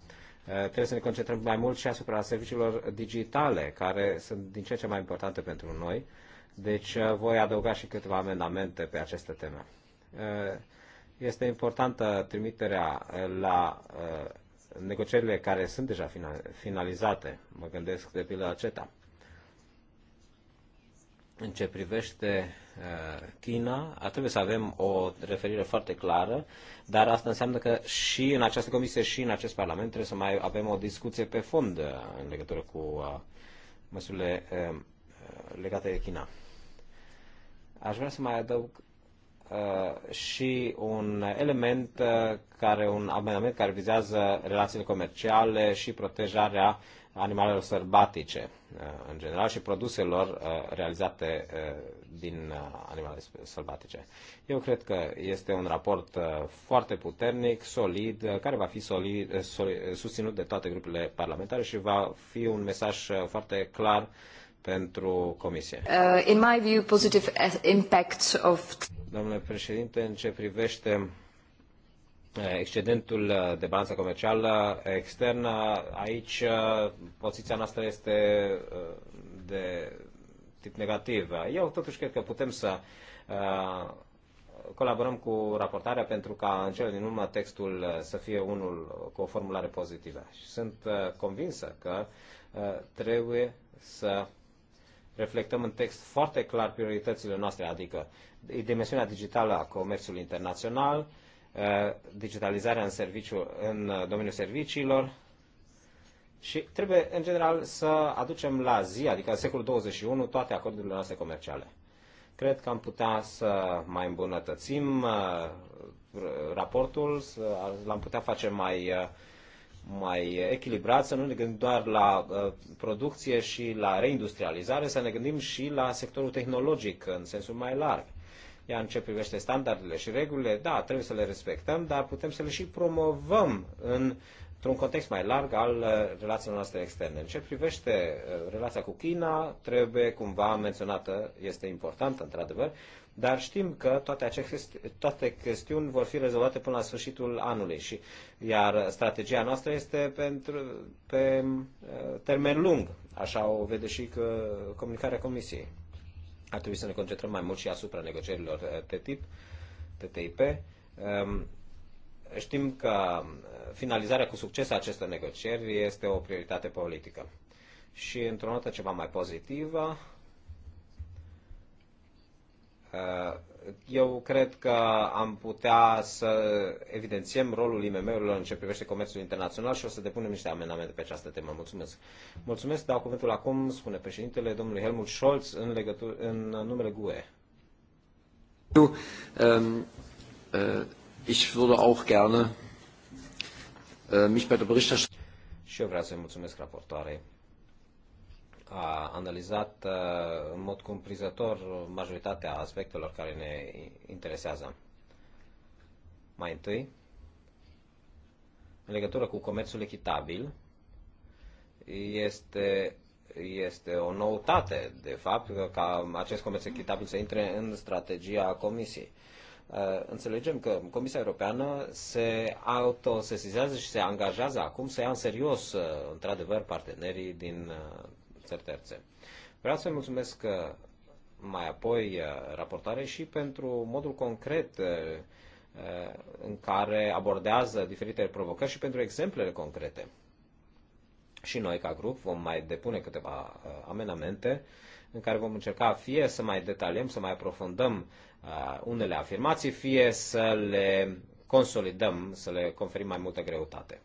trebuie să ne concentrăm mai mult și asupra serviciilor digitale, care sunt din ce în ce mai importante pentru noi. Deci voi adăuga și câteva amendamente pe aceste teme. Este importantă trimiterea eh, la eh, negocierile care sunt deja finalizate. Mă gândesc de pildă la CETA. În ce privește eh, China, trebuie să avem o referire foarte clară, dar asta înseamnă că și în această comisie și în acest parlament trebuie să mai avem o discuție pe fond în legătură cu măsurile legate de China. Aș vrea să mai adaug Uh, și un element uh, care, un amendament care vizează relațiile comerciale și protejarea animalelor sărbatice uh, în general și produselor realizate din animale sălbatice. Eu cred că este un raport foarte puternic, solid, care va fi solid, solid, susținut de toate grupurile parlamentare și va fi un mesaj foarte clar pentru Comisie. Uh, in my view, positive impact of... Domnule președinte, în ce privește uh, excedentul uh, de balanță comercială externă, aici uh, poziția noastră este de tip negativ. Eu totuși cred că putem să colaborăm cu raportarea pentru ca în cele din urmă textul să fie unul cu o formulare pozitivă. sunt convinsă că trebuie să reflectăm în text foarte clar prioritățile noastre, adică dimensiunea digitală a comerțului internațional, eh, digitalizarea în, serviciu, în domeniul serviciilor și trebuie, în general, să aducem la zi, adică în secolul 21, toate acordurile noastre comerciale. Cred că am putea să mai îmbunătățim eh, raportul, l-am putea face mai eh, mai echilibrat, să nu ne gândim doar la uh, producție și la reindustrializare, să ne gândim și la sectorul tehnologic în sensul mai larg. Iar în ce privește standardele și regulile, da, trebuie să le respectăm, dar putem să le și promovăm în într-un context mai larg al uh, relațiilor noastre externe. În ce privește uh, relația cu China, trebuie cumva menționată, este importantă, într-adevăr, dar știm că toate, aceste, toate chestiuni vor fi rezolvate până la sfârșitul anului și iar strategia noastră este pentru, pe uh, termen lung, așa o vede și că uh, comunicarea Comisiei. Ar trebui să ne concentrăm mai mult și asupra negocierilor uh, TTIP, TTIP. Um, știm că finalizarea cu succes a acestor negocieri este o prioritate politică. Și într-o notă ceva mai pozitivă, eu cred că am putea să evidențiem rolul IMM-urilor în ce privește comerțul internațional și o să depunem niște amendamente pe această temă. Mulțumesc. Mulțumesc, dau cuvântul acum, spune președintele domnului Helmut Scholz în, legătur, în numele GUE. Du, ähm, äh, eh, ich würde auch gerne äh, mich bei der Berichterstattung. Și eu vreau să-i mulțumesc raportoarei a analizat uh, în mod cumprizător majoritatea aspectelor care ne interesează. Mai întâi, în legătură cu comerțul echitabil, este, este o noutate, de fapt, ca acest comerț echitabil să intre în strategia Comisiei. Uh, înțelegem că Comisia Europeană se autosesizează și se angajează acum să ia în serios, uh, într-adevăr, partenerii din țări terțe. Vreau să mulțumesc uh, mai apoi uh, raportare și pentru modul concret uh, în care abordează diferite provocări și pentru exemplele concrete. Și noi, ca grup, vom mai depune câteva amenamente în care vom încerca fie să mai detaliem, să mai aprofundăm unele afirmații, fie să le consolidăm, să le conferim mai multă greutate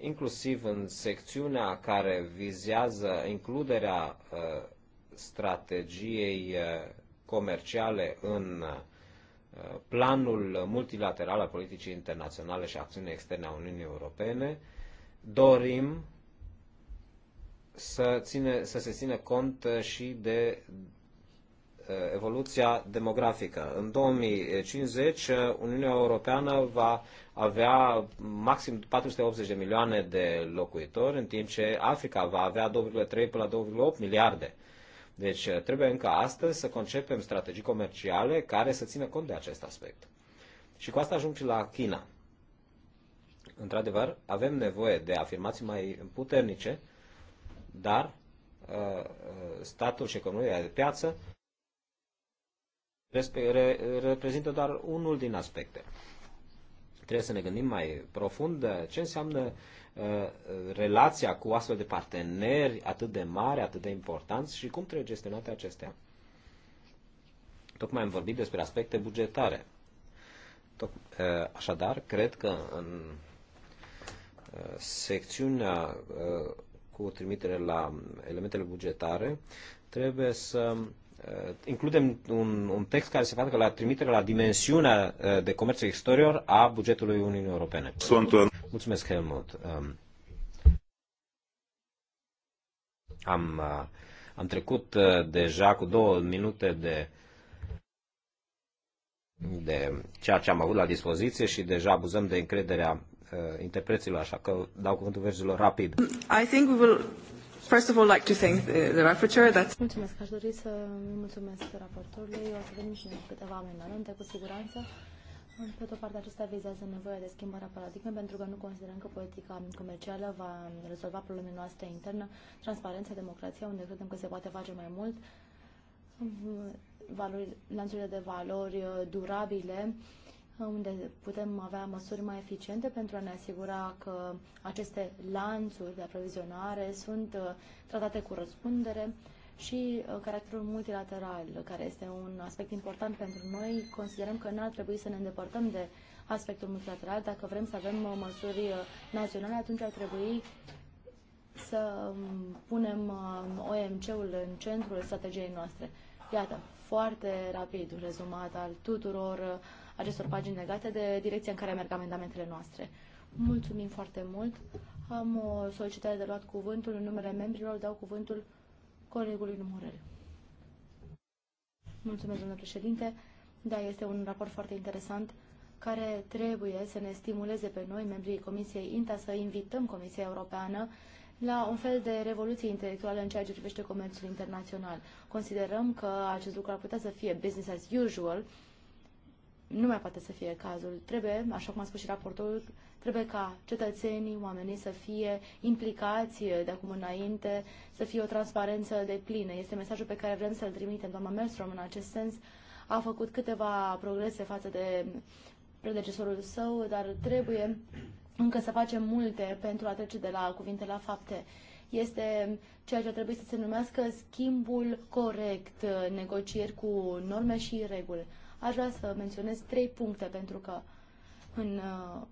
inclusiv în secțiunea care vizează includerea uh, strategiei uh, comerciale în uh, planul multilateral al politicii internaționale și acțiunii externe a Uniunii Europene, dorim să, ține, să se țină cont și de evoluția demografică. În 2050, Uniunea Europeană va avea maxim 480 de milioane de locuitori, în timp ce Africa va avea 2,3 până la 2,8 miliarde. Deci trebuie încă astăzi să concepem strategii comerciale care să țină cont de acest aspect. Și cu asta ajung și la China. Într-adevăr, avem nevoie de afirmații mai puternice, dar statul și economia de piață reprezintă doar unul din aspecte. Trebuie să ne gândim mai profund ce înseamnă uh, relația cu astfel de parteneri atât de mari, atât de importanți și cum trebuie gestionate acestea. Tocmai am vorbit despre aspecte bugetare. Uh, așadar, cred că în uh, secțiunea cu trimitere la elementele bugetare trebuie să Eh, includem un, un text care se facă la trimitere la dimensiunea eh, de comerț exterior a bugetului Uniunii Europene. Sunt în... Mulțumesc, Helmut. Ehm, am, eh, am trecut deja cu două minute de de ceea ce am avut la dispoziție și deja abuzăm de încrederea uh, interpreților, așa că dau cuvântul verzilor rapid. I think we will first of all like to thank the, the rapporteur. That's... Mulțumesc, aș dori să mulțumesc raportorului. O să vedem și noi câteva amendamente, cu siguranță. Pe de o parte, acesta vizează nevoia de schimbarea paradigmei pentru că nu considerăm că politica comercială va rezolva problemele noastre interne, transparența, democrația, unde credem că se poate face mai mult, valori, lanțurile de valori uh, durabile, unde putem avea măsuri mai eficiente pentru a ne asigura că aceste lanțuri de aprovizionare sunt uh, tratate cu răspundere și uh, caracterul multilateral, care este un aspect important pentru noi. Considerăm că n-ar trebui să ne îndepărtăm de aspectul multilateral. Dacă vrem să avem uh, măsuri naționale, atunci ar trebui să um, punem um, OMC-ul în centrul strategiei noastre. Iată, foarte rapid rezumat al tuturor acestor pagini legate de direcția în care merg amendamentele noastre. Mulțumim foarte mult. Am o solicitare de luat cuvântul în numele membrilor. Dau cuvântul colegului Numorel. Mulțumesc, domnule președinte. Da, este un raport foarte interesant care trebuie să ne stimuleze pe noi, membrii Comisiei INTA, să invităm Comisia Europeană la un fel de revoluție intelectuală în ceea ce privește comerțul internațional. Considerăm că acest lucru ar putea să fie business as usual, nu mai poate să fie cazul. Trebuie, așa cum a spus și raportorul, trebuie ca cetățenii, oamenii să fie implicați de acum înainte, să fie o transparență de plină. Este mesajul pe care vrem să-l trimitem. Doamna Melstrom, în acest sens, a făcut câteva progrese față de predecesorul său, dar trebuie încă să facem multe pentru a trece de la cuvinte la fapte. Este ceea ce trebuie să se numească schimbul corect, negocieri cu norme și reguli. Aș vrea să menționez trei puncte, pentru că în uh,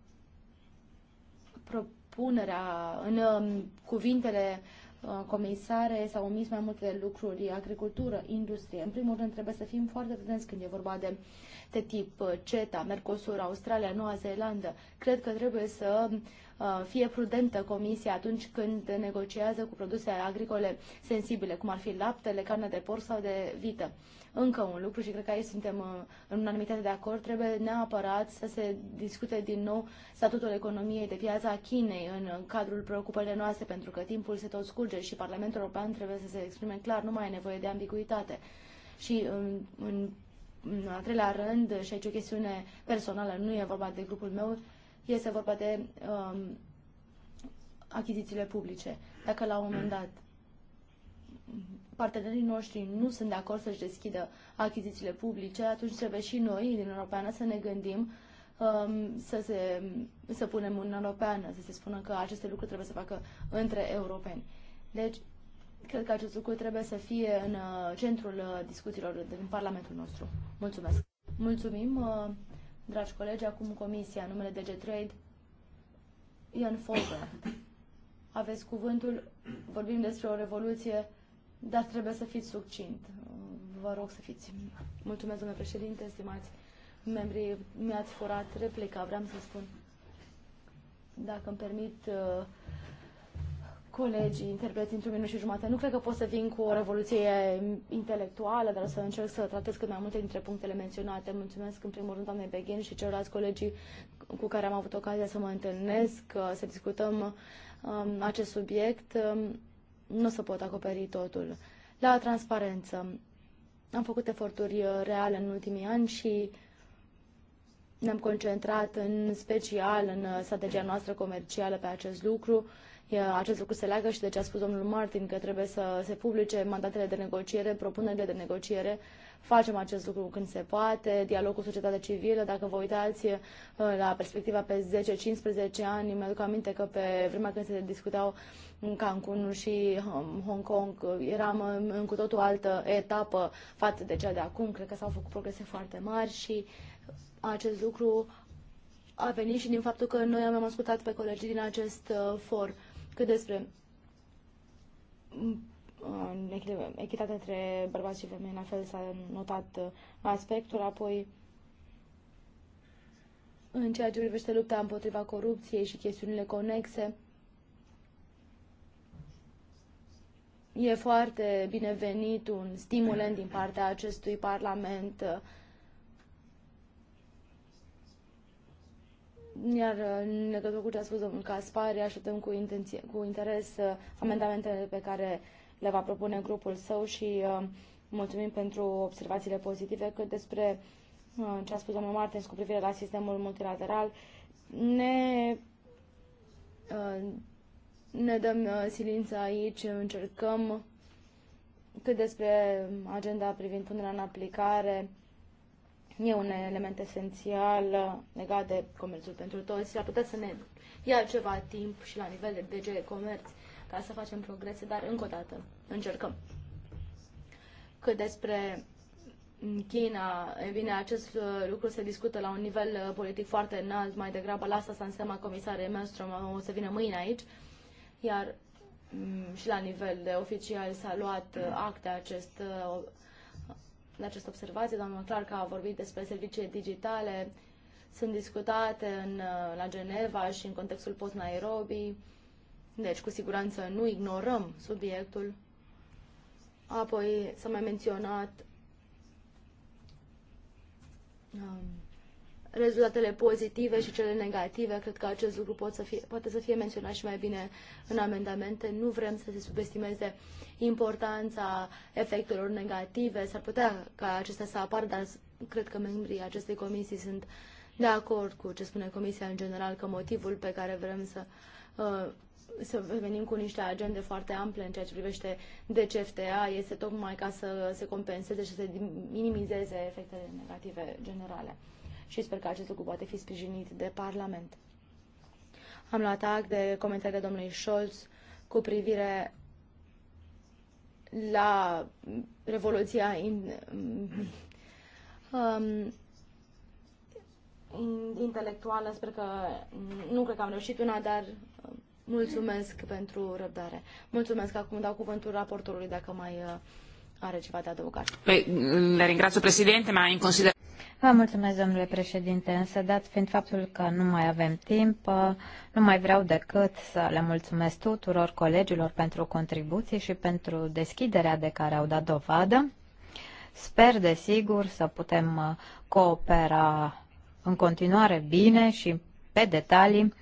propunerea, în um, cuvintele uh, comisare s-au omis mai multe lucruri, agricultură, industrie. În primul rând trebuie să fim foarte atenți când e vorba de tip uh, CETA, Mercosur, Australia, Noua Zeelandă. Cred că trebuie să fie prudentă comisia atunci când negociază cu produse agricole sensibile, cum ar fi laptele, carne de porc sau de vită încă un lucru și cred că aici suntem uh, în unanimitate de acord, trebuie neapărat să se discute din nou statutul economiei de piață a Chinei în cadrul preocupărilor noastre, pentru că timpul se tot scurge și Parlamentul European trebuie să se exprime clar, nu mai e nevoie de ambiguitate. Și în, um, în, în al treilea rând, și aici o chestiune personală, nu e vorba de grupul meu, este vorba de um, achizițiile publice. Dacă la un moment dat partenerii noștri nu sunt de acord să-și deschidă achizițiile publice, atunci trebuie și noi, din Europeană, să ne gândim um, să, se, să punem în Europeană, să se spună că aceste lucruri trebuie să facă între europeni. Deci, cred că acest lucru trebuie să fie în uh, centrul uh, discuțiilor din Parlamentul nostru. Mulțumesc! Mulțumim, uh, dragi colegi, acum Comisia, numele DG Trade, Ian Folger. Aveți cuvântul, vorbim despre o revoluție dar trebuie să fiți succint. Vă rog să fiți. Mulțumesc, domnule președinte, estimați membrii, mi-ați furat replica, vreau să spun. Dacă îmi permit uh, colegii, interpreți într-un minut și jumate, nu cred că pot să vin cu o revoluție intelectuală, dar o să încerc să tratez cât mai multe dintre punctele menționate. Mulțumesc în primul rând doamnei Beghin și celorlalți colegii cu care am avut ocazia să mă întâlnesc, să discutăm um, acest subiect. Um, nu se pot acoperi totul. La transparență, am făcut eforturi uh, reale în ultimii ani și ne-am concentrat în special în uh, strategia noastră comercială pe acest lucru. Acest lucru se leagă și de ce a spus domnul Martin, că trebuie să se publice mandatele de negociere, propunerile de negociere facem acest lucru când se poate, dialog cu societatea civilă, dacă vă uitați uh, la perspectiva pe 10-15 ani, mi-aduc aminte că pe vremea când se discutau în Cancun și um, Hong Kong, uh, eram um, în cu totul altă etapă față de cea de acum, cred că s-au făcut progrese foarte mari și acest lucru a venit și din faptul că noi am ascultat pe colegii din acest uh, for cât despre echitate între bărbați și femei, la fel s-a notat uh, aspectul, apoi în ceea ce privește lupta împotriva corupției și chestiunile conexe, e foarte binevenit un stimulent din partea acestui Parlament. Uh, iar uh, în legătură cu ce a spus domnul Caspari, așteptăm cu, intenție, cu interes amendamentele pe care uh, le va propune grupul său și uh, mulțumim pentru observațiile pozitive, cât despre uh, ce a spus domnul Martens cu privire la sistemul multilateral. Ne, uh, ne dăm silință aici, încercăm cât despre agenda privind punerea în aplicare, e un element esențial legat de comerțul pentru toți. Ar putea să ne ia ceva timp și la nivel de DG Comerț ca să facem progrese, dar încă o dată încercăm. Cât despre China, e bine, acest lucru se discută la un nivel uh, politic foarte înalt, mai degrabă la asta s-a comisarul Maelstrom, uh, o să vină mâine aici, iar mm, și la nivel de oficial s-a luat uh, acte acest, de această observație, doamna Clark a vorbit despre servicii digitale, sunt discutate în, la Geneva și în contextul post-Nairobi, deci, cu siguranță, nu ignorăm subiectul. Apoi s-a mai menționat um, rezultatele pozitive și cele negative. Cred că acest lucru pot să fie, poate să fie menționat și mai bine în amendamente. Nu vrem să se subestimeze importanța efectelor negative. S-ar putea ca acestea să apară, dar cred că membrii acestei comisii sunt de acord cu ce spune Comisia în general, că motivul pe care vrem să uh, să venim cu niște agende foarte ample în ceea ce privește DCFTA, este tocmai ca să se compenseze și să minimizeze efectele negative generale. Și sper că acest lucru poate fi sprijinit de Parlament. Am luat act de comentariile domnului Scholz cu privire la revoluția in, um, intelectuală, sper că nu cred că am reușit una, dar um, Mulțumesc pentru răbdare. Mulțumesc. Acum dau cuvântul raportorului dacă mai uh, are ceva de adăugat. Păi, le ringrazio, președinte, mai în consider... Vă mulțumesc, domnule președinte, însă dat fiind faptul că nu mai avem timp, uh, nu mai vreau decât să le mulțumesc tuturor colegilor pentru contribuții și pentru deschiderea de care au dat dovadă. Sper, desigur, să putem uh, coopera în continuare bine și pe detalii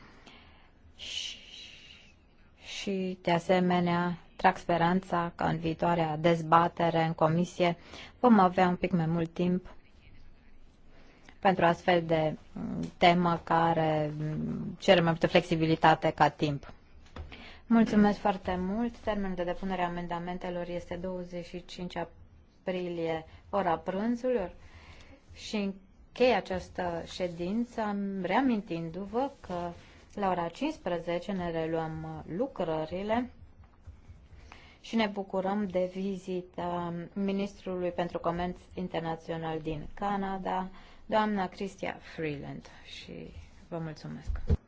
și și, de asemenea, trag speranța că în viitoarea dezbatere în comisie vom avea un pic mai mult timp pentru astfel de temă care cere mai multă flexibilitate ca timp. Mulțumesc foarte mult. Termenul de depunere a amendamentelor este 25 aprilie, ora prânzului. Și închei această ședință reamintindu-vă că la ora 15 ne reluăm lucrările și ne bucurăm de vizita ministrului pentru comerț internațional din Canada, doamna Cristia Freeland și vă mulțumesc.